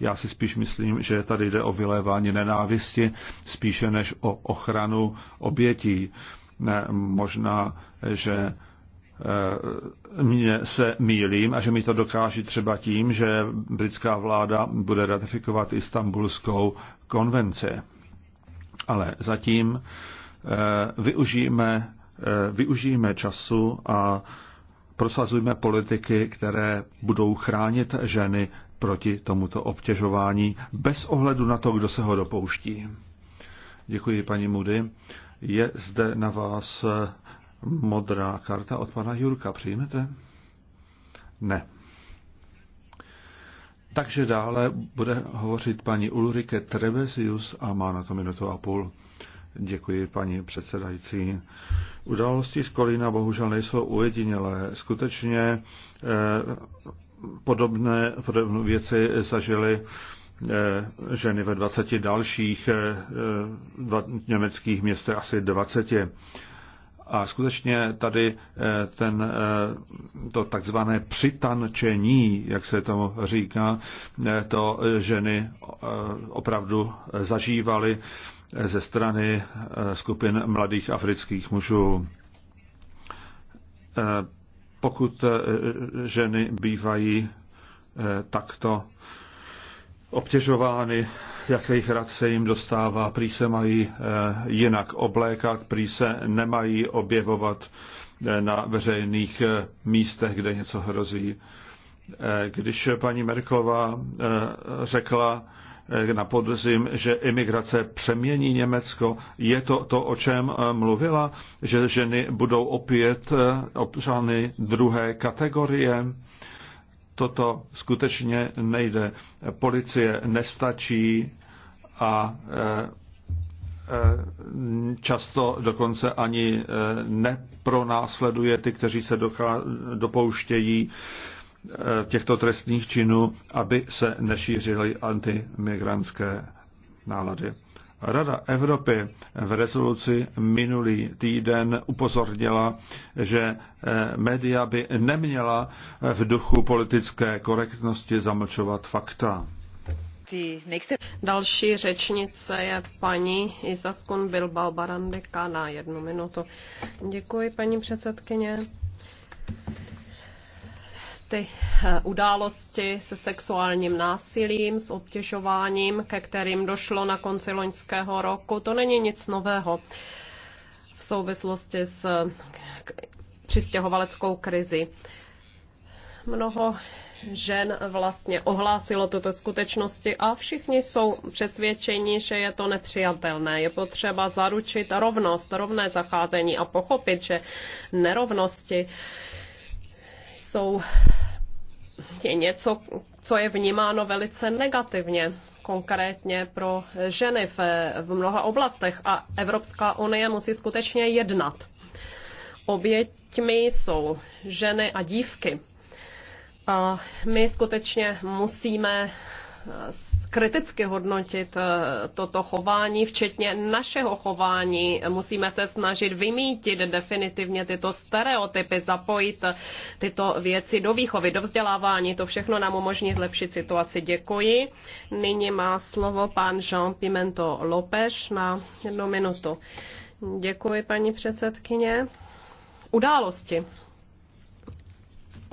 Já si spíš myslím, že tady jde o vylévání nenávisti spíše než o ochranu obětí. Ne, možná, že eh, mě se mílím a že mi to dokáže třeba tím, že britská vláda bude ratifikovat istambulskou konvenci ale zatím eh, využijeme, eh, využijeme času a prosazujme politiky, které budou chránit ženy proti tomuto obtěžování bez ohledu na to, kdo se ho dopouští. Děkuji, paní Mudy. Je zde na vás eh, modrá karta od pana Jurka. Přijmete? Ne. Takže dále bude hovořit paní Ulrike Trebesius a má na to minutu a půl. Děkuji, paní předsedající. Události z Kolína bohužel nejsou ujedinělé. Skutečně eh, podobné, podobné věci zažily eh, ženy ve 20 dalších eh, dva, německých městech, asi 20. Eh, a skutečně tady eh, ten, eh, to takzvané přitančení, jak se tomu říká, eh, to ženy opravdu zažívaly ze strany skupin mladých afrických mužů. Pokud ženy bývají takto obtěžovány jak se rad se jim dostává. Prý se mají eh, jinak oblékat, prý se nemají objevovat eh, na veřejných eh, místech, kde něco hrozí. Když paní Merklová řekla na podzim, že imigrace přemění Německo, je to to, o čem mluvila, že ženy budou opět občany druhé kategorie? Toto skutečně nejde. Policie nestačí, a e, e, často dokonce ani e, nepronásleduje ty, kteří se dopouštějí těchto trestných činů, aby se nešířily antimigrantské nálady. Rada Evropy v rezoluci minulý týden upozornila, že média by neměla v duchu politické korektnosti zamlčovat fakta. Další řečnice je paní Izaskun Bilbao Barandeka na jednu minutu. Děkuji, paní předsedkyně ty eh, události se sexuálním násilím, s obtěžováním, ke kterým došlo na konci loňského roku, to není nic nového v souvislosti s přistěhovaleckou krizi. Mnoho žen vlastně ohlásilo tuto skutečnosti a všichni jsou přesvědčeni, že je to nepřijatelné. Je potřeba zaručit rovnost, rovné zacházení a pochopit, že nerovnosti jsou je něco, co je vnímáno velice negativně konkrétně pro ženy v, v mnoha oblastech a Evropská unie musí skutečně jednat. Oběťmi jsou ženy a dívky a my skutečně musíme eh, kriticky hodnotit eh, toto chování, včetně našeho chování. Musíme se snažit vymítit definitivně tyto stereotypy, zapojit eh, tyto věci do výchovy, do vzdělávání. To všechno nám umožní zlepšit situaci. Děkuji. Nyní má slovo pan Jean Pimento López na jednu minutu. Děkuji, paní předsedkyně. Události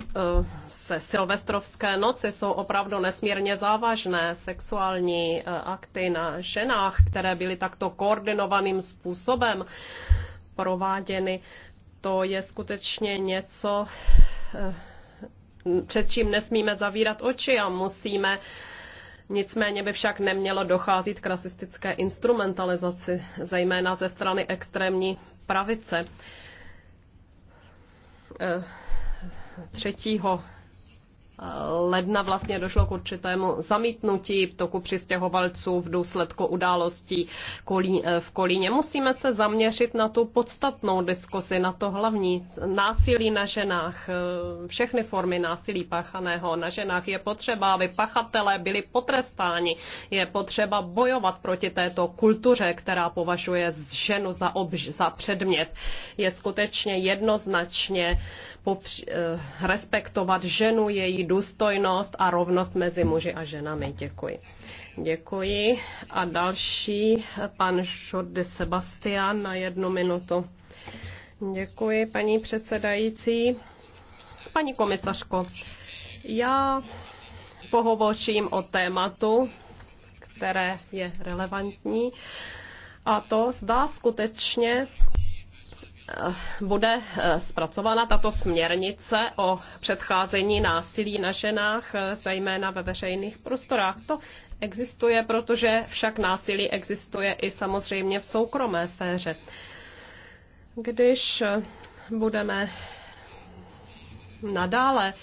Eh, se silvestrovské noci jsou opravdu nesmírně závažné sexuální eh, akty na ženách, které byly takto koordinovaným způsobem prováděny. To je skutečně něco, eh, před čím nesmíme zavírat oči a musíme Nicméně by však nemělo docházet k rasistické instrumentalizaci, zejména ze strany extrémní pravice 3. Eh, ledna vlastně došlo k určitému zamítnutí toku přistěhovalců v důsledku událostí eh, v Kolíně. Musíme se zaměřit na tu podstatnou diskusi, na to hlavní násilí na ženách, eh, všechny formy násilí páchaného na ženách. Je potřeba, aby pachatelé byli potrestáni. Je potřeba bojovat proti této kultuře, která považuje ženu za, obž- za předmět. Je skutečně jednoznačně Eh, respektovat ženu, její důstojnost a rovnost mezi muži a ženami. Děkuji. Děkuji. A další, pan Jordi Sebastian na jednu minutu. Děkuji, paní předsedající. Paní komisařko, já pohovořím o tématu, které je relevantní, a to zdá skutečně Eh, bude eh, zpracována tato směrnice o předcházení násilí na ženách, eh, zejména ve veřejných prostorách. To existuje, protože však násilí existuje i samozřejmě v soukromé féře. Když budeme nadále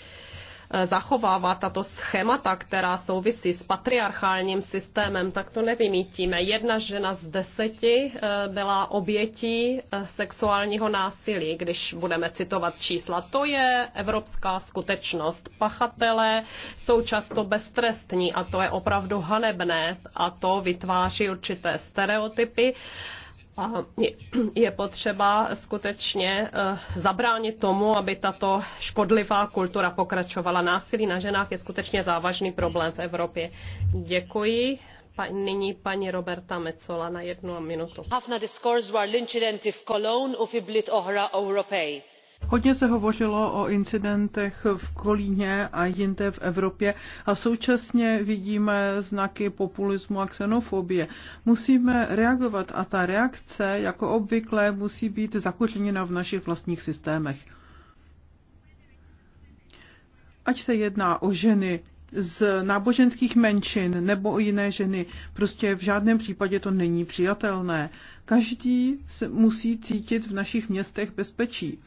Eh, zachovává tato schémata, která souvisí s patriarchálním systémem, tak to nevymítíme. Jedna žena z deseti eh, byla obětí eh, sexuálního násilí, když budeme citovat čísla. To je evropská skutečnost. Pachatelé jsou často beztrestní a to je opravdu hanebné a to vytváří určité stereotypy a je potřeba skutečně eh, zabránit tomu, aby tato škodlivá kultura pokračovala. Násilí na ženách je skutečně závažný problém v Evropě. Děkuji. Pa, nyní paní Roberta Mecola na jednu minutu. war Hodně se hovořilo o incidentech v Kolíně a jinde v Evropě a současně vidíme znaky populismu a xenofobie. Musíme reagovat a ta reakce, jako obvykle, musí být zakořeněna v našich vlastních systémech. Ať se jedná o ženy, z náboženských menšin nebo o jiné ženy. Prostě v žádném případě to není přijatelné. Každý se musí cítit v našich městech bezpečí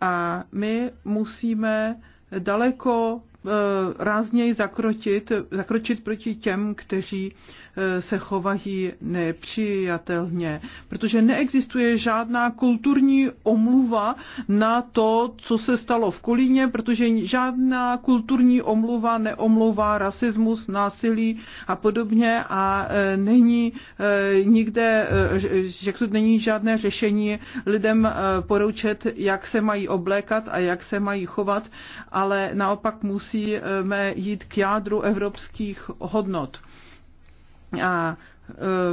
a my musíme daleko Eh, rázněji zakročit, zakročit proti těm, kteří eh, se chovají nepřijatelně, protože neexistuje žádná kulturní omluva na to, co se stalo v Kolíně, protože žádná kulturní omluva neomlouvá rasismus, násilí a podobně a eh, není nikde, jak to není žádné řešení lidem poroučet, jak se mají oblékat a jak se mají chovat, ale naopak musí musíme jít k jádru evropských hodnot. A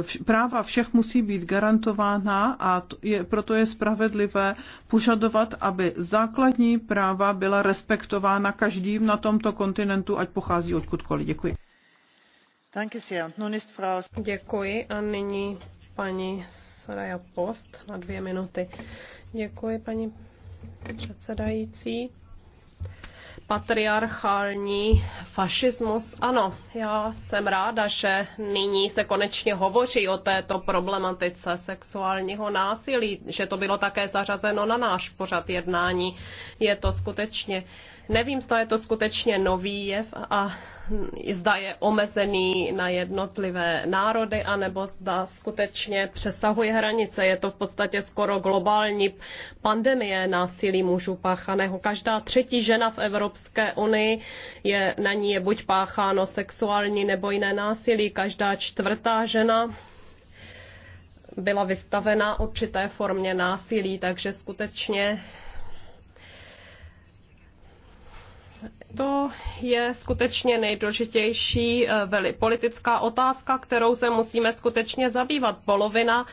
e, práva všech musí být garantována a je, proto je spravedlivé požadovat, aby základní práva byla respektována každým na tomto kontinentu, ať pochází odkudkoliv. Děkuji. Děkuji a nyní paní Saraja Post na dvě minuty. Děkuji, paní předsedající patriarchální fašismus. Ano, já jsem ráda, že nyní se konečně hovoří o této problematice sexuálního násilí, že to bylo také zařazeno na náš pořad jednání. Je to skutečně Nevím, zda je to skutečně nový jev a zda je omezený na jednotlivé národy, anebo zda skutečně přesahuje hranice. Je to v podstatě skoro globální pandemie násilí mužů páchaného. Každá třetí žena v Evropské unii je, na ní je buď pácháno sexuální nebo jiné násilí. Každá čtvrtá žena byla vystavena určité formě násilí, takže skutečně To je skutečně nejdůležitější eh, politická otázka, kterou se musíme skutečně zabývat. Polovina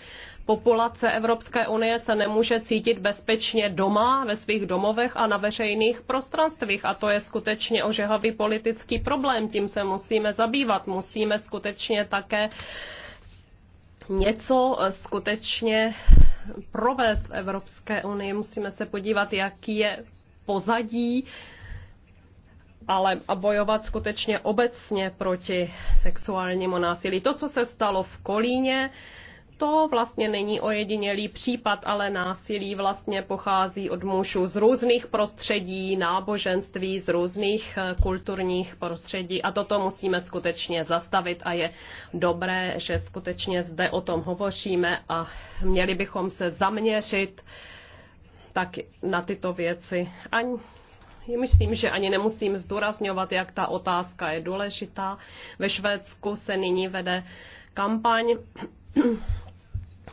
populace Evropské unie se nemůže cítit bezpečně doma, ve svých domovech a na veřejných prostranstvích. A to je skutečně ožehavý politický problém, tím se musíme zabývat. Musíme skutečně také něco eh, skutečně provést v Evropské unii. Musíme se podívat, jaký je pozadí ale a bojovat skutečně obecně proti sexuálnímu násilí. To, co se stalo v Kolíně, to vlastně není ojedinělý případ, ale násilí vlastně pochází od mužů z různých prostředí, náboženství, z různých eh, kulturních prostředí a toto musíme skutečně zastavit a je dobré, že skutečně zde o tom hovoříme a měli bychom se zaměřit tak na tyto věci. Ani Myslím, že ani nemusím zdůrazňovat, jak ta otázka je důležitá. Ve Švédsku se nyní vede kampaň,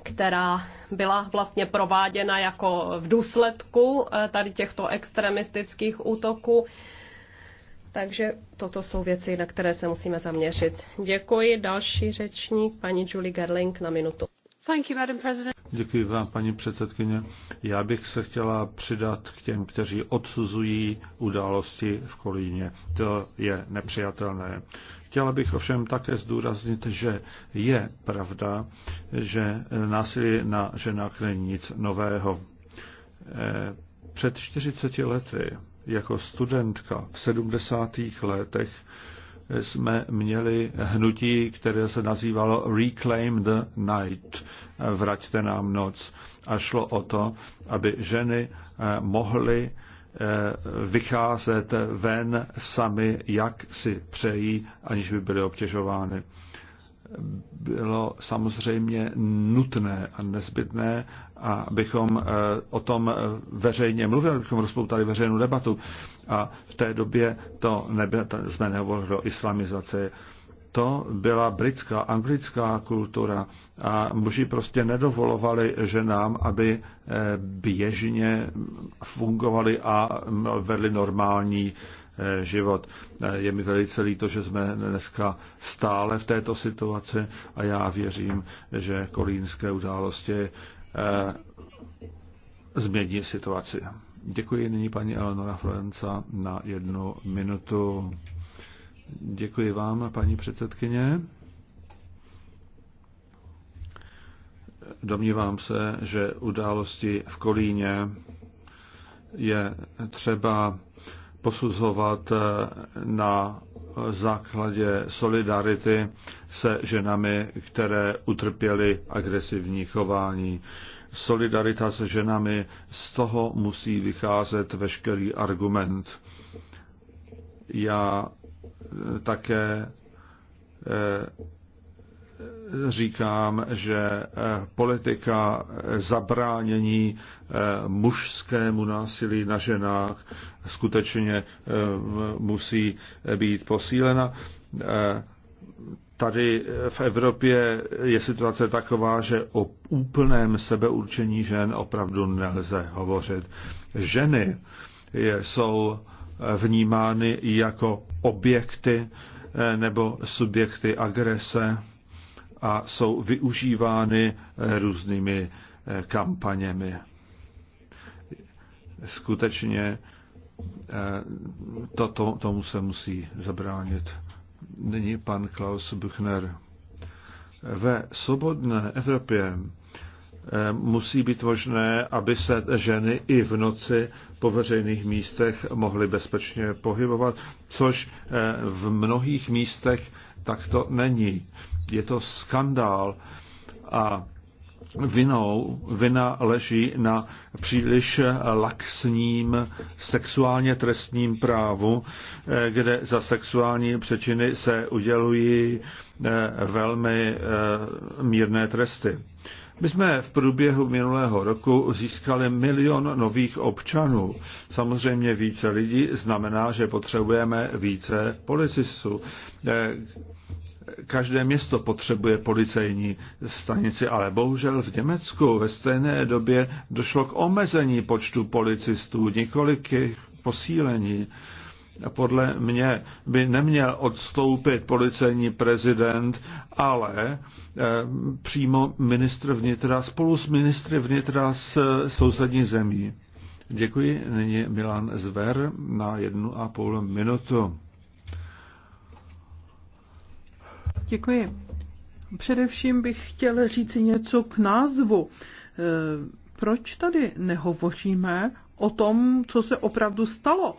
která byla vlastně prováděna jako v důsledku eh, tady těchto extremistických útoků. Takže toto jsou věci, na které se musíme zaměřit. Děkuji. Další řečník, paní Julie Gerling, na minutu. Děkuji vám, paní předsedkyně. Já bych se chtěla přidat k těm, kteří odsuzují události v Kolíně. To je nepřijatelné. Chtěla bych ovšem také zdůraznit, že je pravda, že násilí na ženách není nic nového. Eh, před 40 lety jako studentka v 70. letech jsme měli hnutí, které se nazývalo Reclaim the Night, vraťte nám noc. A šlo o to, aby ženy eh, mohly eh, vycházet ven sami, jak si přejí, aniž by byly obtěžovány bylo samozřejmě nutné a nezbytné, abychom eh, o tom eh, veřejně mluvili, abychom rozpoutali veřejnou debatu. A v té době to nebe, jsme nehovořili o islamizaci to byla britská, anglická kultura a muži prostě nedovolovali ženám, aby eh, běžně fungovali a vedli normální eh, život. Eh, je mi velice líto, že jsme dneska stále v této situaci a já věřím, že kolínské události změní situaci. Děkuji nyní paní Eleonora Florenca na jednu minutu. Děkuji vám, paní předsedkyně. Domnívám se, že události v Kolíně je třeba posuzovat na základě solidarity se ženami, které utrpěly agresivní chování. Solidarita se ženami, z toho musí vycházet veškerý argument. Já také eh, říkám, že eh, politika eh, zabránění mužskému násilí na ženách skutečně musí být posílena. Tady v Evropě je situace taková, že o úplném sebeurčení žen opravdu nelze hovořit. Ženy jsou vnímány jako objekty eh, nebo subjekty agrese a jsou využívány eh, různými eh, kampaněmi. Skutečně to tomu se musí zabránit. Nyní pan Klaus Buchner Ve svobodné Evropě Eh, musí být možné, aby se ženy i v noci po veřejných místech mohly bezpečně pohybovat, což eh, v mnohých místech takto není. Je to skandál a vinou, vina leží na příliš laxním sexuálně trestním právu, eh, kde za sexuální přečiny se udělují velmi mírné tresty. My jsme v průběhu minulého roku získali milion nových občanů. Samozřejmě více lidí znamená, že potřebujeme více policistů. Eh, každé město potřebuje policejní stanici, ale bohužel v Německu ve stejné době došlo k omezení počtu policistů, několik posílení podle mě by neměl odstoupit policejní prezident, ale eh, přímo ministr vnitra spolu s ministry vnitra z sousední zemí. Děkuji. Nyní Milan Zver na jednu a půl minutu. Děkuji. Především bych chtěl říct něco k názvu. Eh, proč tady nehovoříme o tom, co se opravdu stalo?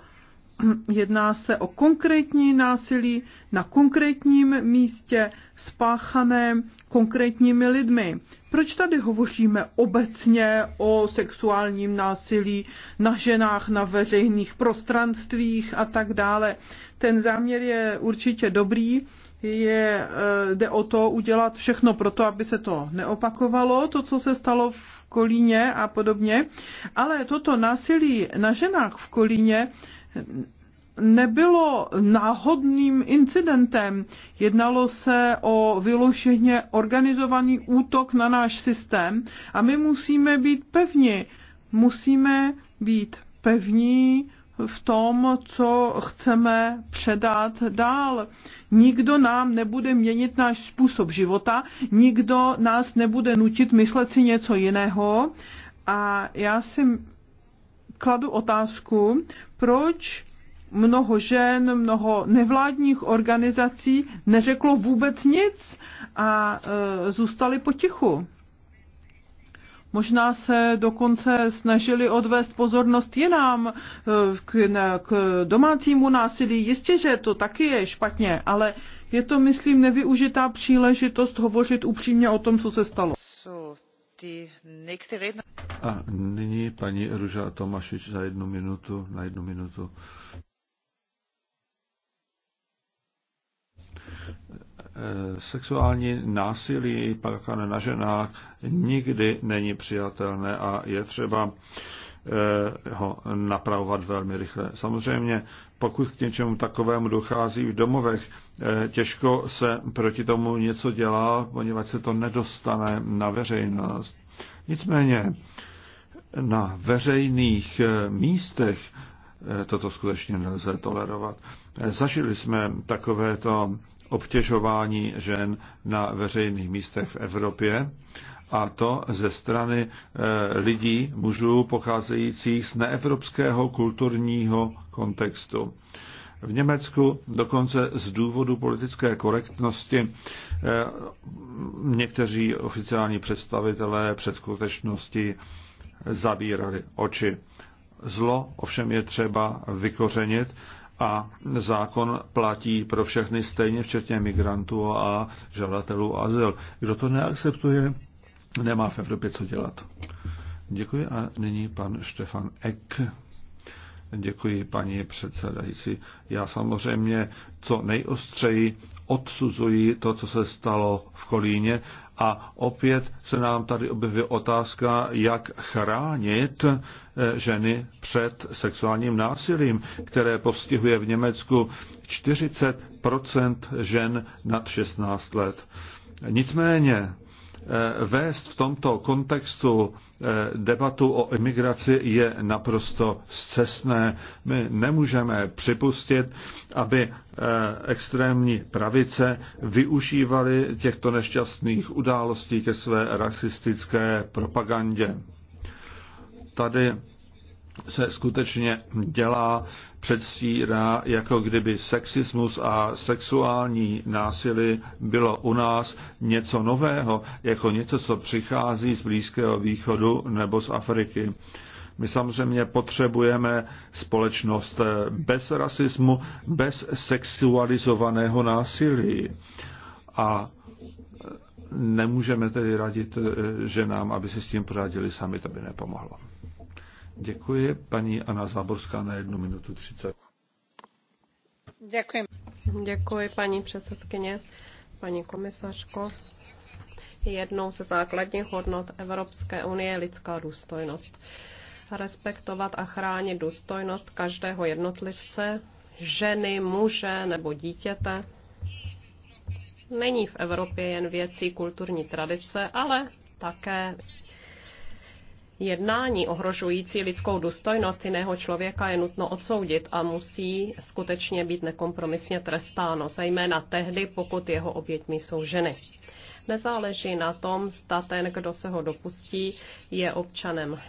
jedná se o konkrétní násilí na konkrétním místě spáchaném konkrétními lidmi. Proč tady hovoříme obecně o sexuálním násilí na ženách, na veřejných prostranstvích a tak dále? Ten záměr je určitě dobrý, je, eh, jde o to udělat všechno pro to, aby se to neopakovalo, to, co se stalo v Kolíně a podobně. Ale toto násilí na ženách v Kolíně nebylo náhodným incidentem. Jednalo se o vyloženě organizovaný útok na náš systém a my musíme být pevní. Musíme být pevní v tom, co chceme předat dál. Nikdo nám nebude měnit náš způsob života, nikdo nás nebude nutit myslet si něco jiného. A já si kladu otázku, proč mnoho žen, mnoho nevládních organizací neřeklo vůbec nic a e, zůstali potichu. Možná se dokonce snažili odvést pozornost jinam, e, k, ne, k domácímu násilí. Jistě, že to taky je špatně, ale je to, myslím, nevyužitá příležitost hovořit upřímně o tom, co se stalo. A nyní paní Ruža Tomašič na jednu minutu. Na jednu minutu. Eh, sexuální násilí páchané na ženách nikdy není přijatelné a je třeba Eh, ho napravovat velmi rychle. Samozřejmě, pokud k něčemu takovému dochází v domovech, eh, těžko se proti tomu něco dělá, poněvadž se to nedostane na veřejnost. Nicméně, na veřejných eh, místech toto skutečně nelze tolerovat. Zažili jsme takovéto obtěžování žen na veřejných místech v Evropě a to ze strany eh, lidí, mužů pocházejících z neevropského kulturního kontextu. V Německu dokonce z důvodu politické korektnosti eh, někteří oficiální představitelé před skutečnosti zabírali oči. Zlo ovšem je třeba vykořenit a zákon platí pro všechny stejně, včetně migrantů a žadatelů azyl. Kdo to neakceptuje, nemá v Evropě co dělat. Děkuji a nyní pan Štefan Eck. Děkuji, paní předsedající. Já samozřejmě co nejostřeji odsuzuji to, co se stalo v Kolíně a opět se nám tady objeví otázka, jak chránit eh, ženy před sexuálním násilím, které postihuje v Německu 40 žen nad 16 let. Nicméně Eh, vést v tomto kontextu eh, debatu o imigraci je naprosto zcestné. My nemůžeme připustit, aby eh, extrémní pravice využívali těchto nešťastných událostí ke své rasistické propagandě. Tady se skutečně dělá předstírá, jako kdyby sexismus a sexuální násilí bylo u nás něco nového, jako něco, co přichází z Blízkého východu nebo z Afriky. My samozřejmě potřebujeme společnost bez rasismu, bez sexualizovaného násilí. A nemůžeme tedy radit eh, ženám, aby se s tím poradili sami, to by nepomohlo. Děkuji. Paní Anna Záborská na jednu minutu třicet. Děkuji. Děkuji, paní předsedkyně, paní komisařko. Jednou ze základních hodnot Evropské unie je lidská důstojnost. Respektovat a chránit důstojnost každého jednotlivce, ženy, muže nebo dítěte, není v Evropě jen věcí kulturní tradice, ale také jednání ohrožující lidskou důstojnost jiného člověka je nutno odsoudit a musí skutečně být nekompromisně trestáno, zejména tehdy, pokud jeho oběťmi jsou ženy. Nezáleží na tom, zda ten, kdo se ho dopustí, je občanem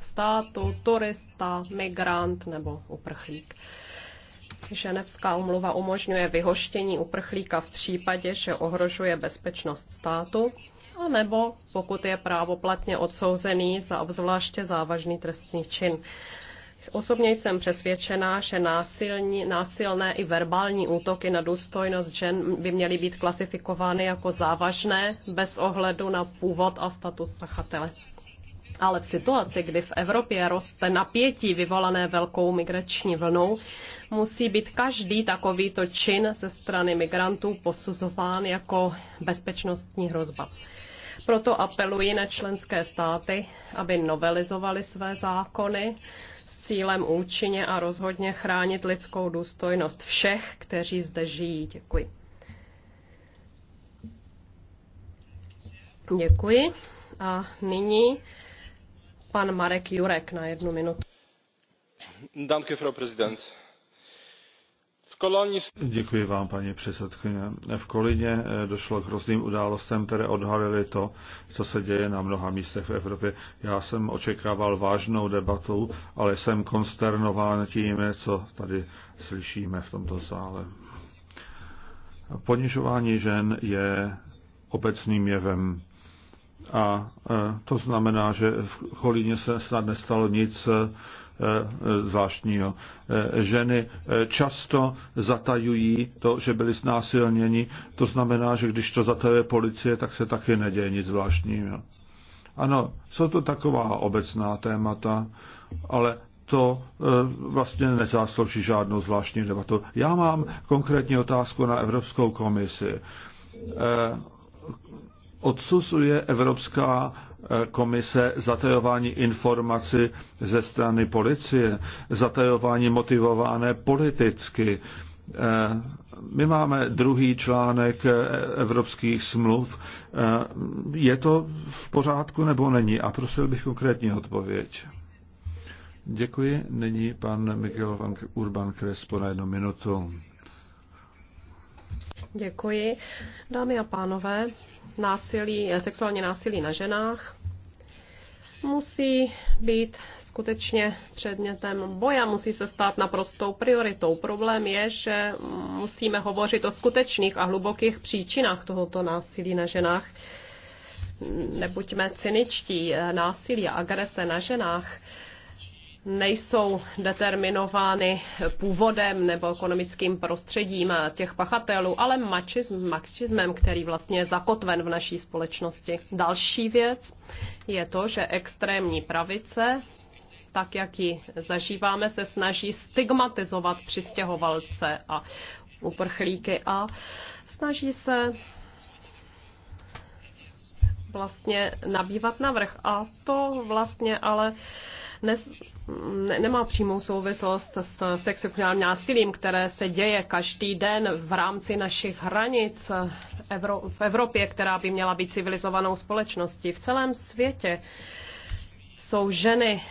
státu, turista, migrant nebo uprchlík. Ženevská umluva umožňuje vyhoštění uprchlíka v případě, že ohrožuje bezpečnost státu a nebo pokud je právoplatně odsouzený za obzvláště závažný trestný čin. Osobně jsem přesvědčená, že násilní, násilné i verbální útoky na důstojnost žen by měly být klasifikovány jako závažné bez ohledu na původ a statut pachatele. Ale v situaci, kdy v Evropě roste napětí vyvolané velkou migrační vlnou, musí být každý takovýto čin ze strany migrantů posuzován jako bezpečnostní hrozba. Proto apeluji na členské státy, aby novelizovali své zákony s cílem účinně a rozhodně chránit lidskou důstojnost všech, kteří zde žijí. Děkuji. Děkuji. A nyní pan Marek Jurek na jednu minutu. Danke, Frau Präsident Děkuji vám, paní předsedkyně. V Kolíně eh, došlo k hrozným událostem, které odhalily to, co se děje na mnoha místech v Evropě. Já jsem očekával vážnou debatu, ale jsem konsternován tím, co tady slyšíme v tomto sále. Ponižování žen je obecným jevem. A eh, to znamená, že v Kolíně se snad nestalo nic Eh, zvláštního. Eh, ženy eh, často zatajují to, že byly znásilněni. To znamená, že když to zatajuje policie, tak se taky neděje nic zvláštního. Ano, jsou to taková obecná témata, ale to vlastně nezáslouží žádnou zvláštní debatu. Já mám konkrétní otázku na Evropskou komisi odsuzuje Evropská komise zatajování informací ze strany policie, zatajování motivované politicky. My máme druhý článek evropských smluv. Je to v pořádku nebo není? A prosil bych konkrétní odpověď. Děkuji. Nyní pan Miguel Van Urban Crespo na jednu minutu. Děkuji. Dámy a pánové, násilí, sexuální násilí na ženách musí být skutečně předmětem boja, musí se stát naprostou prioritou. Problém je, že musíme hovořit o skutečných a hlubokých příčinách tohoto násilí na ženách. Nebuďme cyničtí, násilí a agrese na ženách nejsou determinovány původem nebo ekonomickým prostředím těch pachatelů, ale mačism, mačismem, který vlastně je zakotven v naší společnosti. Další věc je to, že extrémní pravice tak, jak ji zažíváme, se snaží stigmatizovat přistěhovalce a uprchlíky a snaží se vlastně nabývat navrh. A to vlastně ale ne, ne, nemá přímou souvislost s sexuálním násilím, které se děje každý den v rámci našich hranic Evro, v Evropě, která by měla být civilizovanou společností. V celém světě jsou ženy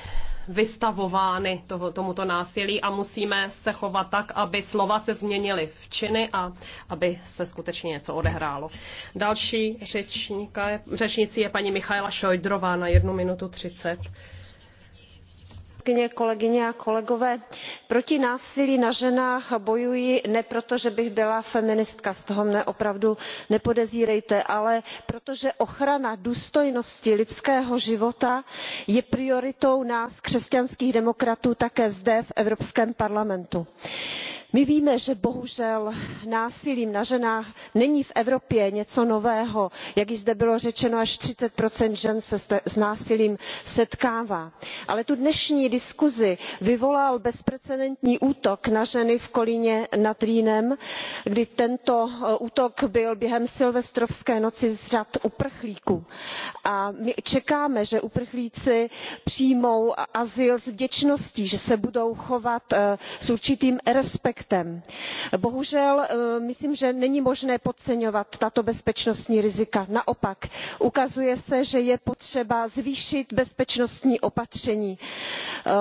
vystavovány toho, tomuto násilí a musíme se chovat tak, aby slova se změnily v činy a aby se skutečně něco odehrálo. Další řečníka je, řečnicí je paní Michaela Šojdrová na jednu minutu 30 předsedkyně kolegyně a kolegové proti násilí na ženách bojuji ne proto že bych byla feministka z toho mne opravdu nepodezírejte ale proto že ochrana důstojnosti lidského života je prioritou nás křesťanských demokratů také zde v evropském parlamentu my víme že bohužel násilí na ženách není v evropě něco nového jak již zde bylo řečeno až thirty žen se s násilím setkává ale tu dnešní diskusi vyvolal bezprecedentní útok na ženy v kolíně nad rýnem kdy tento eh, útok byl během silvestrovské noci z řad uprchlíků a my čekáme že uprchlíci přijmou azyl s vděčností že se budou chovat eh, s určitým respektem aspektem. bohužel eh, myslím že není možné podceňovat tato bezpečnostní rizika naopak ukazuje se že je potřeba zvýšit bezpečnostní opatření. Eh,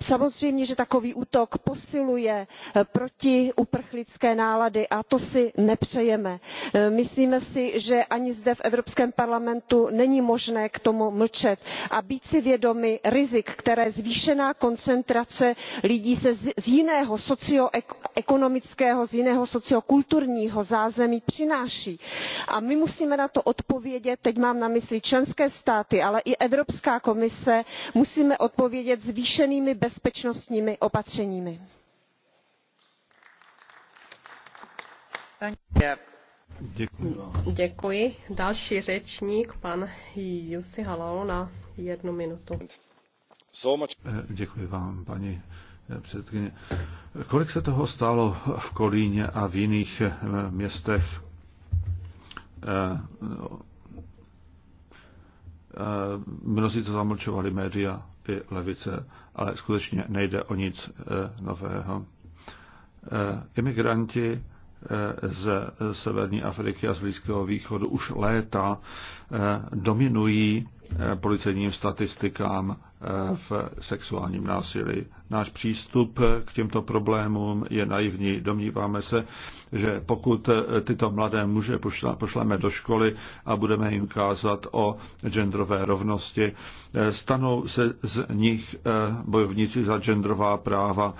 samozřejmě že takový útok posiluje eh, protiuprchlické nálady a to si nepřejeme. myslíme si že ani zde v evropském parlamentu není možné k tomu mlčet a být si vědomi rizik která zvýšená koncentrace lidí z jiného socio ekonomického z jiného sociokulturního zázemí přináší a my musíme na to odpovědět teď mám na mysli členské státy ale i evropská komise musíme odpovědět zvýšenými bezpečnostními opatřeními. Děkuji. Další jednu minutu. Eh, děkuji vám, paní předkyně. Kolik se toho stalo v Kolíně a v jiných eh, městech? Eh, eh, mnozí to zamlčovali média i levice, ale skutečně nejde o nic nového. Imigranti ze severní Afriky a z Blízkého východu už léta dominují policejním statistikám v sexuálním násilí. Náš přístup k těmto problémům je naivní. Domníváme se, že pokud tyto mladé muže pošleme do školy a budeme jim kázat o genderové rovnosti, stanou se z nich eh, bojovníci za genderová práva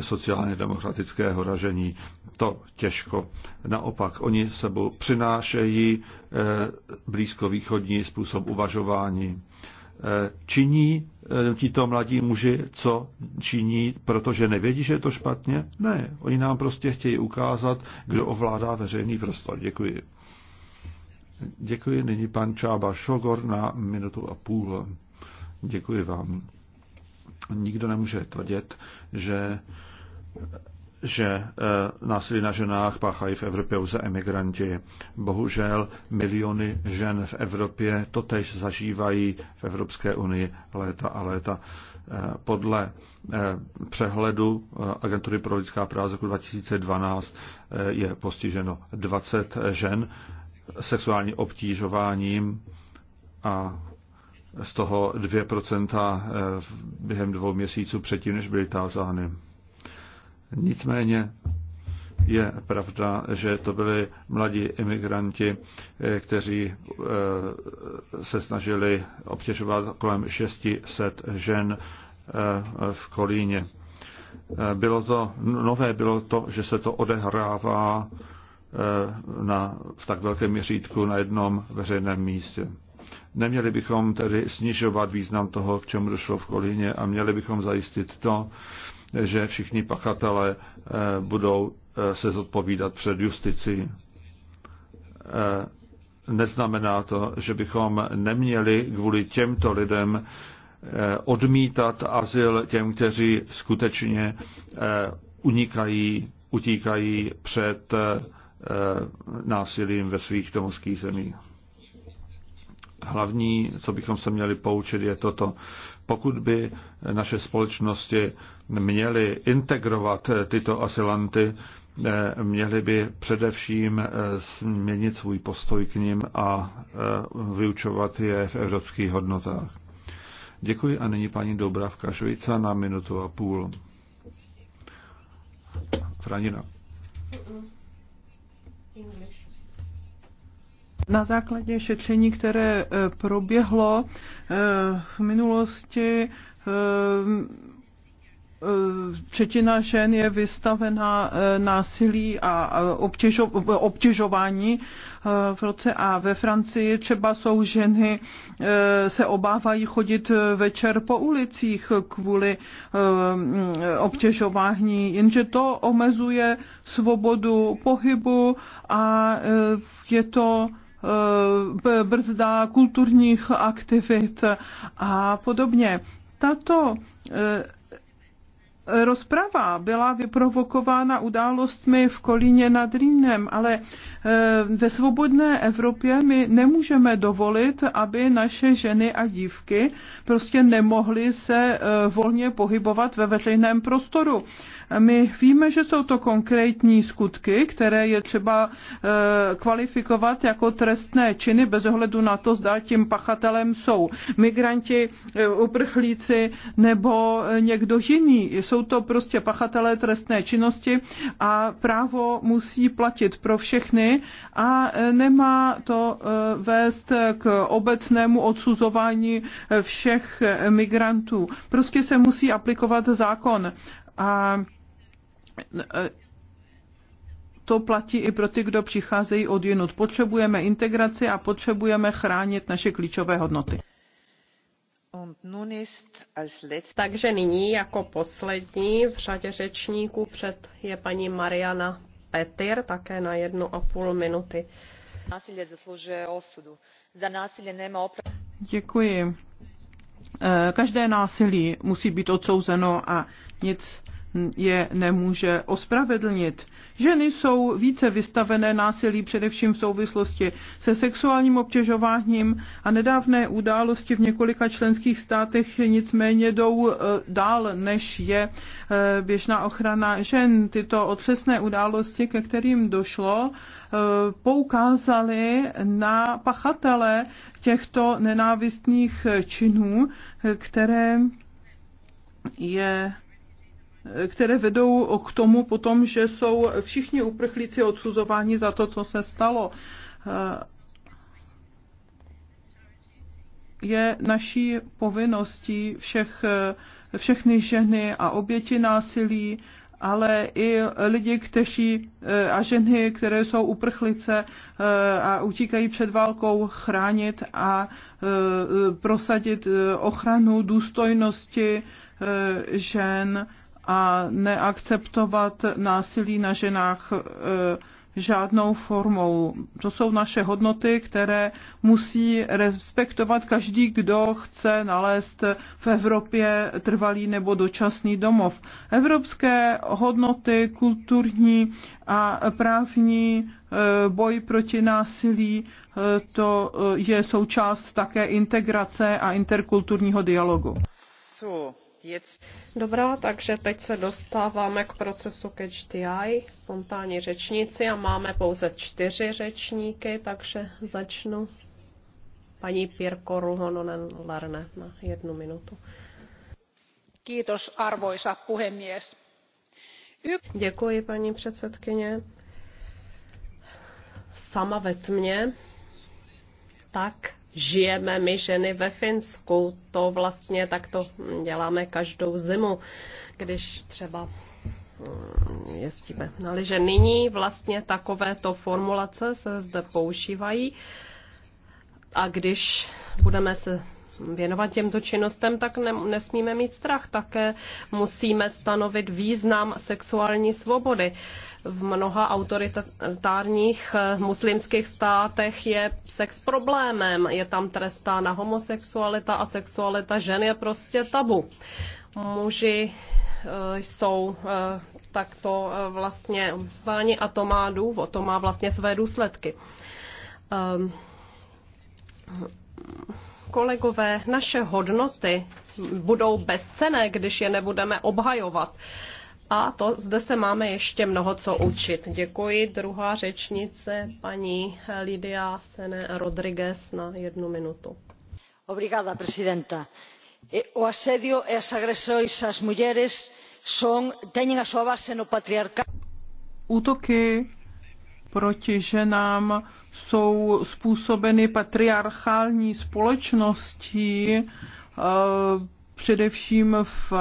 sociálně demokratického ražení. To těžko. Naopak, oni sebou přinášejí eh, blízkovýchodní způsob uvažování činí eh, tito mladí muži, co činí, protože nevědí, že je to špatně? Ne, oni nám prostě chtějí ukázat, kdo ovládá veřejný prostor. Děkuji. Děkuji nyní pan Čába Šogor na minutu a půl. Děkuji vám. Nikdo nemůže tvrdit, že že eh, násilí na ženách páchají v Evropě pouze emigranti. Bohužel miliony žen v Evropě totež zažívají v Evropské unii léta a léta. Eh, podle eh, přehledu Agentury pro lidská práva z roku 2012 je postiženo 20 žen sexuálním obtížováním a z toho 2% během dvou měsíců předtím, než byly tázány. Nicméně je pravda, že to byli mladí imigranti, eh, kteří eh, se snažili obtěžovat kolem 600 žen eh, v Kolíně. Bylo to, nové bylo to, že se to odehrává na, v tak velkém měřítku na jednom veřejném místě. Neměli bychom tedy snižovat význam toho, k čemu došlo v Kolíně a měli bychom zajistit to, že všichni pachatelé eh, budou eh, se zodpovídat před justicí. Eh, neznamená to, že bychom neměli kvůli těmto lidem odmítat azyl těm, kteří skutečně unikají, utíkají před násilím ve svých domovských zemích hlavní, co bychom se měli poučit, je toto. Pokud by naše společnosti měly integrovat tyto asilanty, eh, měli by především změnit eh, svůj postoj k ním a eh, vyučovat je v evropských hodnotách. Děkuji a nyní paní Dobravka Švýca na minutu a půl. Franina. English. Na základě šetření, které eh, proběhlo eh, v minulosti, eh, třetina žen je vystavena násilí a obtěžo, obtěžování v roce a ve Francii třeba jsou ženy, se obávají chodit večer po ulicích kvůli mm, obtěžování, jenže to omezuje svobodu pohybu a je to Eh, brzda kulturních aktivit a podobně. Tato eh, Rozprava byla vyprovokována událostmi v Kolíně nad Rýnem, ale eh, ve svobodné Evropě my nemůžeme dovolit, aby naše ženy a dívky prostě nemohly se volně pohybovat ve veřejném prostoru. My víme, že jsou to konkrétní skutky, které je třeba e, kvalifikovat jako trestné činy bez ohledu na to, zda tím pachatelem jsou migranti, e, uprchlíci nebo e, někdo jiný. Jsou to prostě pachatelé trestné činnosti a právo musí platit pro všechny a nemá to vést k obecnému odsuzování všech migrantů. Prostě se musí aplikovat zákon. A to platí i pro ty, kdo přicházejí od jinut. Potřebujeme integraci a potřebujeme chránit naše klíčové hodnoty. Takže nyní jako poslední v řadě řečníků před je paní Mariana Petir, také na jednu a půl minuty. Násilí osudu. Za násilí nemá opravdu. Děkuji. Eh, každé násilí musí být odsouzeno a nic je nemůže ospravedlnit. Ženy jsou více vystavené násilí především v souvislosti se sexuálním obtěžováním a nedávné události v několika členských státech nicméně jdou eh, dál, než je eh, běžná ochrana žen. Tyto otřesné události, ke kterým došlo, eh, poukázaly na pachatele těchto nenávistných činů, které je které vedou k tomu potom, že jsou všichni uprchlíci odsuzováni za to, co se stalo. Je naší povinností všech, všechny ženy a oběti násilí, ale i lidi, kteří a ženy, které jsou uprchlice a utíkají před válkou, chránit a e, prosadit e, ochranu důstojnosti e, žen a neakceptovat násilí na ženách e, žádnou formou. To jsou naše hodnoty, které musí respektovat každý, kdo chce nalézt v Evropě trvalý nebo dočasný domov. Evropské hodnoty, kulturní a právní e, boj proti násilí, e, to je součást také integrace a interkulturního dialogu. So. Dobrá, takže teď se dostáváme k procesu HDI, spontánní řečníci a máme pouze čtyři řečníky, takže začnu paní Pirko Ruhononen Lerne na jednu minutu. Kýtos, arvoisa puhemies. Děkuji, paní předsedkyně. Sama ve tmě, tak žijeme my ženy ve Finsku. To vlastně takto děláme každou zimu, když třeba mm, jezdíme ale že Nyní vlastně takovéto formulace se zde používají a když budeme se věnovat těmto činnostem, tak ne, nesmíme mít strach. Také musíme stanovit význam sexuální svobody. V mnoha autoritárních eh, muslimských státech je sex problémem. Je tam trestána homosexualita a sexualita žen je prostě tabu. Muži eh, jsou eh, takto vlastně spáni a to má důvod, to má vlastně své důsledky ehm, kolegové, naše hodnoty budou bezcené, když je nebudeme obhajovat. A to zde se máme ještě mnoho co učit. Děkuji. Druhá řečnice, paní Lidia Sene Rodriguez na jednu minutu. Obrigada, presidenta. E, o asedio e as agresões as mulheres son, teñen a súa base no patriarcado. Útoky proti ženám jsou způsobeny patriarchální společností, eh, především v,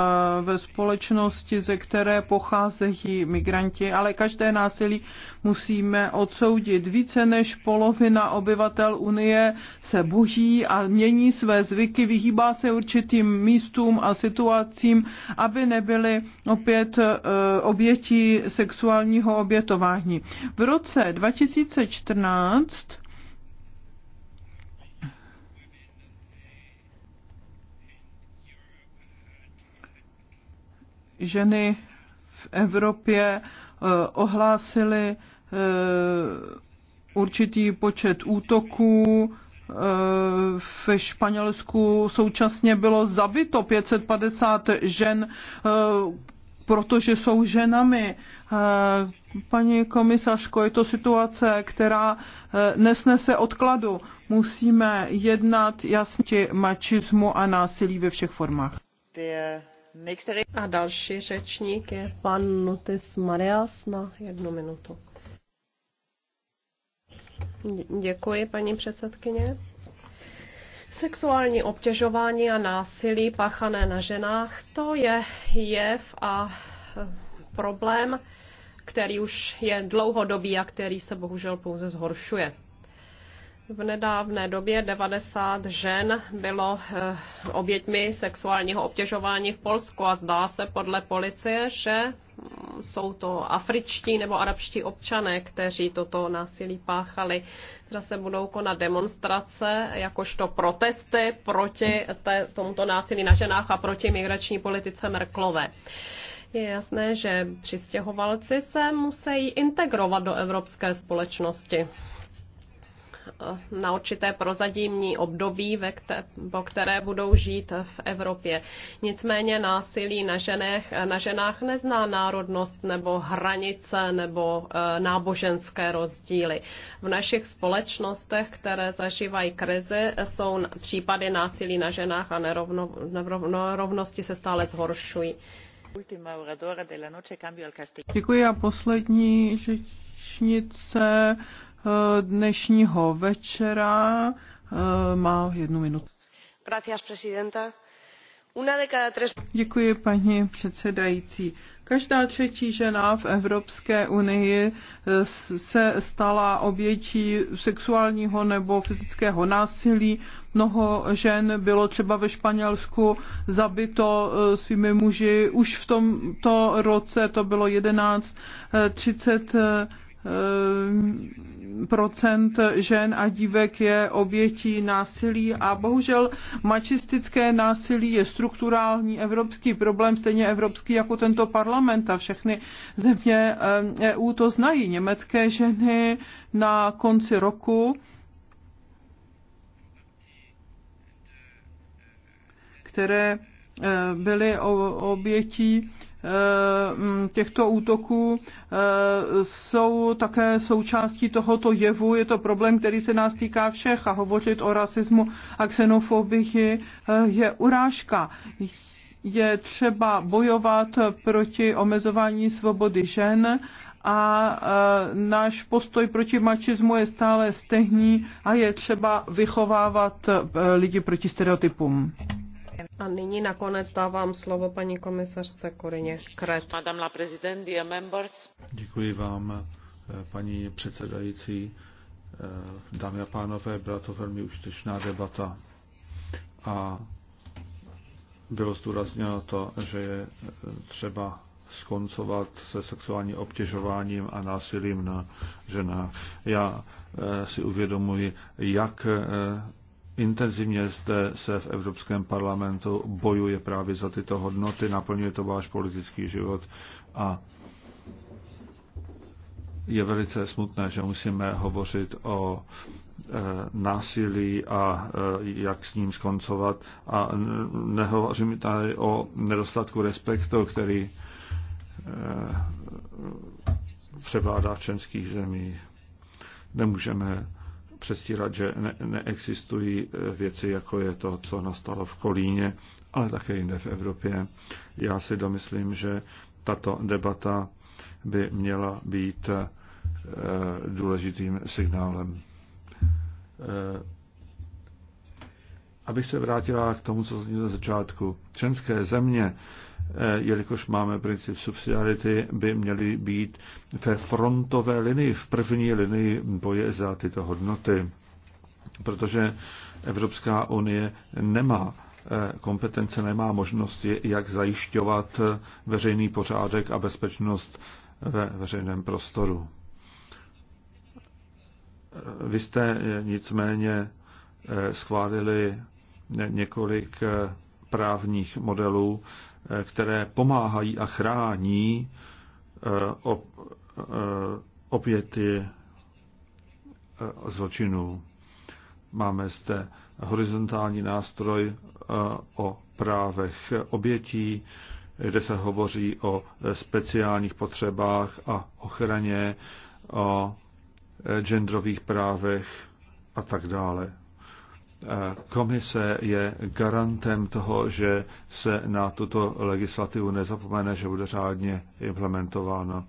ve společnosti, ze které pocházejí migranti, ale každé násilí musíme odsoudit. Více než polovina obyvatel Unie se bojí a mění své zvyky, vyhýbá se určitým místům a situacím, aby nebyly opět e, obětí sexuálního obětování. V roce 2014 ženy v Evropě eh, ohlásily eh, určitý počet útoků. Eh, v Španělsku současně bylo zabito 550 žen, protože jsou ženami. Paní komisařko, je to situace, která nesnese odkladu. Musíme jednat jasně mačismu a násilí ve všech formách. A další řečník je pan Notis Marias na jednu minutu. Děkuji, paní předsedkyně. Sexuální obtěžování a násilí páchané na ženách, to je jev a problém, který už je dlouhodobý a který se bohužel pouze zhoršuje. V nedávné době 90 žen bylo eh, oběťmi sexuálního obtěžování v Polsku a zdá se podle policie, že mm, jsou to afričtí nebo arabští občané, kteří toto násilí páchali. Zda se budou konat demonstrace, jakožto protesty proti té, tomuto násilí na ženách a proti migrační politice Merklové. Je jasné, že přistěhovalci se musí integrovat do evropské společnosti na určité prozadímní období, ve kte, po které budou žít v Evropě. Nicméně násilí na, ženech, na ženách nezná národnost nebo hranice nebo eh, náboženské rozdíly. V našich společnostech, které zažívají krizi, jsou případy násilí na ženách a nerovnosti se stále zhoršují. Děkuji a poslední řečnice dnešního večera. Eh, má jednu minutu. Děkuji, paní předsedající. Každá třetí žena v Evropské unii eh, se stala obětí sexuálního nebo fyzického násilí. Mnoho žen bylo třeba ve Španělsku zabito eh, svými muži. Už v tomto roce to bylo 11, 30 Ehm, procent žen a dívek je obětí násilí a bohužel mačistické násilí je strukturální evropský problém, stejně evropský jako tento parlament a všechny země EU ehm, e to znají. Německé ženy na konci roku které ehm, byly obětí Eh, mm, těchto útoků eh, jsou také součástí tohoto jevu. Je to problém, který se nás týká všech a hovořit o rasismu a xenofobii eh, je urážka je třeba bojovat proti omezování svobody žen a náš postoj proti mačismu je stále stejný a je třeba vychovávat lidi proti stereotypům. A nyní nakonec dávám slovo paní komisařce Korině Kret. Madame la prezident, dear members. Děkuji vám, eh, paní předsedající. Eh, Dámy a pánové, byla to velmi užitečná debata. A bylo zdůrazněno to, že je eh, třeba skoncovat se sexuálním obtěžováním a násilím na ženách. Já si uvědomuji, jak Intenzivně zde se v Evropském parlamentu bojuje právě za tyto hodnoty, naplňuje to váš politický život a je velice smutné, že musíme hovořit o e, násilí a e, jak s ním skoncovat. A nehovořím tady o nedostatku respektu, který e, převládá v členských zemích. Nemůžeme přestírat, že ne- neexistují eh, věci, jako je to, co nastalo v Kolíně, ale také jinde v Evropě. Já si domyslím, že tato debata by měla být eh, důležitým signálem. Eh, abych se vrátila k tomu, co zní na začátku. Členské země Eh, jelikož máme princip subsidiarity, by měly být ve frontové linii, v první linii boje za tyto hodnoty. Protože Evropská unie nemá eh, kompetence, nemá možnosti, jak zajišťovat eh, veřejný pořádek a bezpečnost ve veřejném prostoru. Vy jste nicméně schválili několik právních modelů, eh, které pomáhají a chrání eh, eh, oběty zločinů. Máme zde horizontální nástroj o právech obětí, kde se hovoří o speciálních potřebách a ochraně, o genderových právech a tak dále. Komise je garantem toho, že se na tuto legislativu nezapomene, že bude řádně implementována.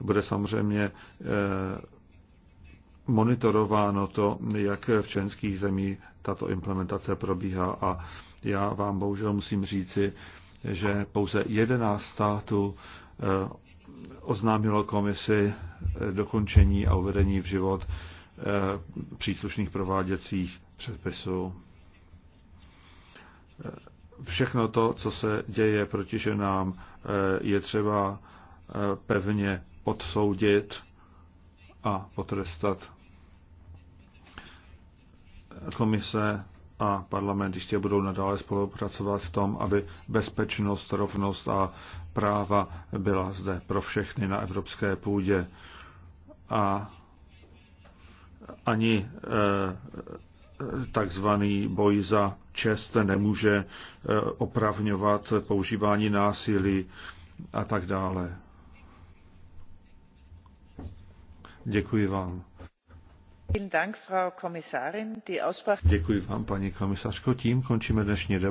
Bude samozřejmě eh, monitorováno to, jak v členských zemích tato implementace probíhá a já vám bohužel musím říci, že pouze 11 států eh, oznámilo komisi eh, dokončení a uvedení v život Eh, příslušných prováděcích předpisů. Eh, všechno to, co se děje proti ženám, eh, je třeba pevně odsoudit a potrestat. Komise a parlament ještě budou nadále spolupracovat v tom, aby bezpečnost, rovnost a práva byla zde pro všechny na evropské půdě. A ani eh, takzvaný boj za čest nemůže eh, opravňovat používání násilí a tak dále. Děkuji vám. Děkuji vám, paní komisařko. Tím končíme dnešní debatu.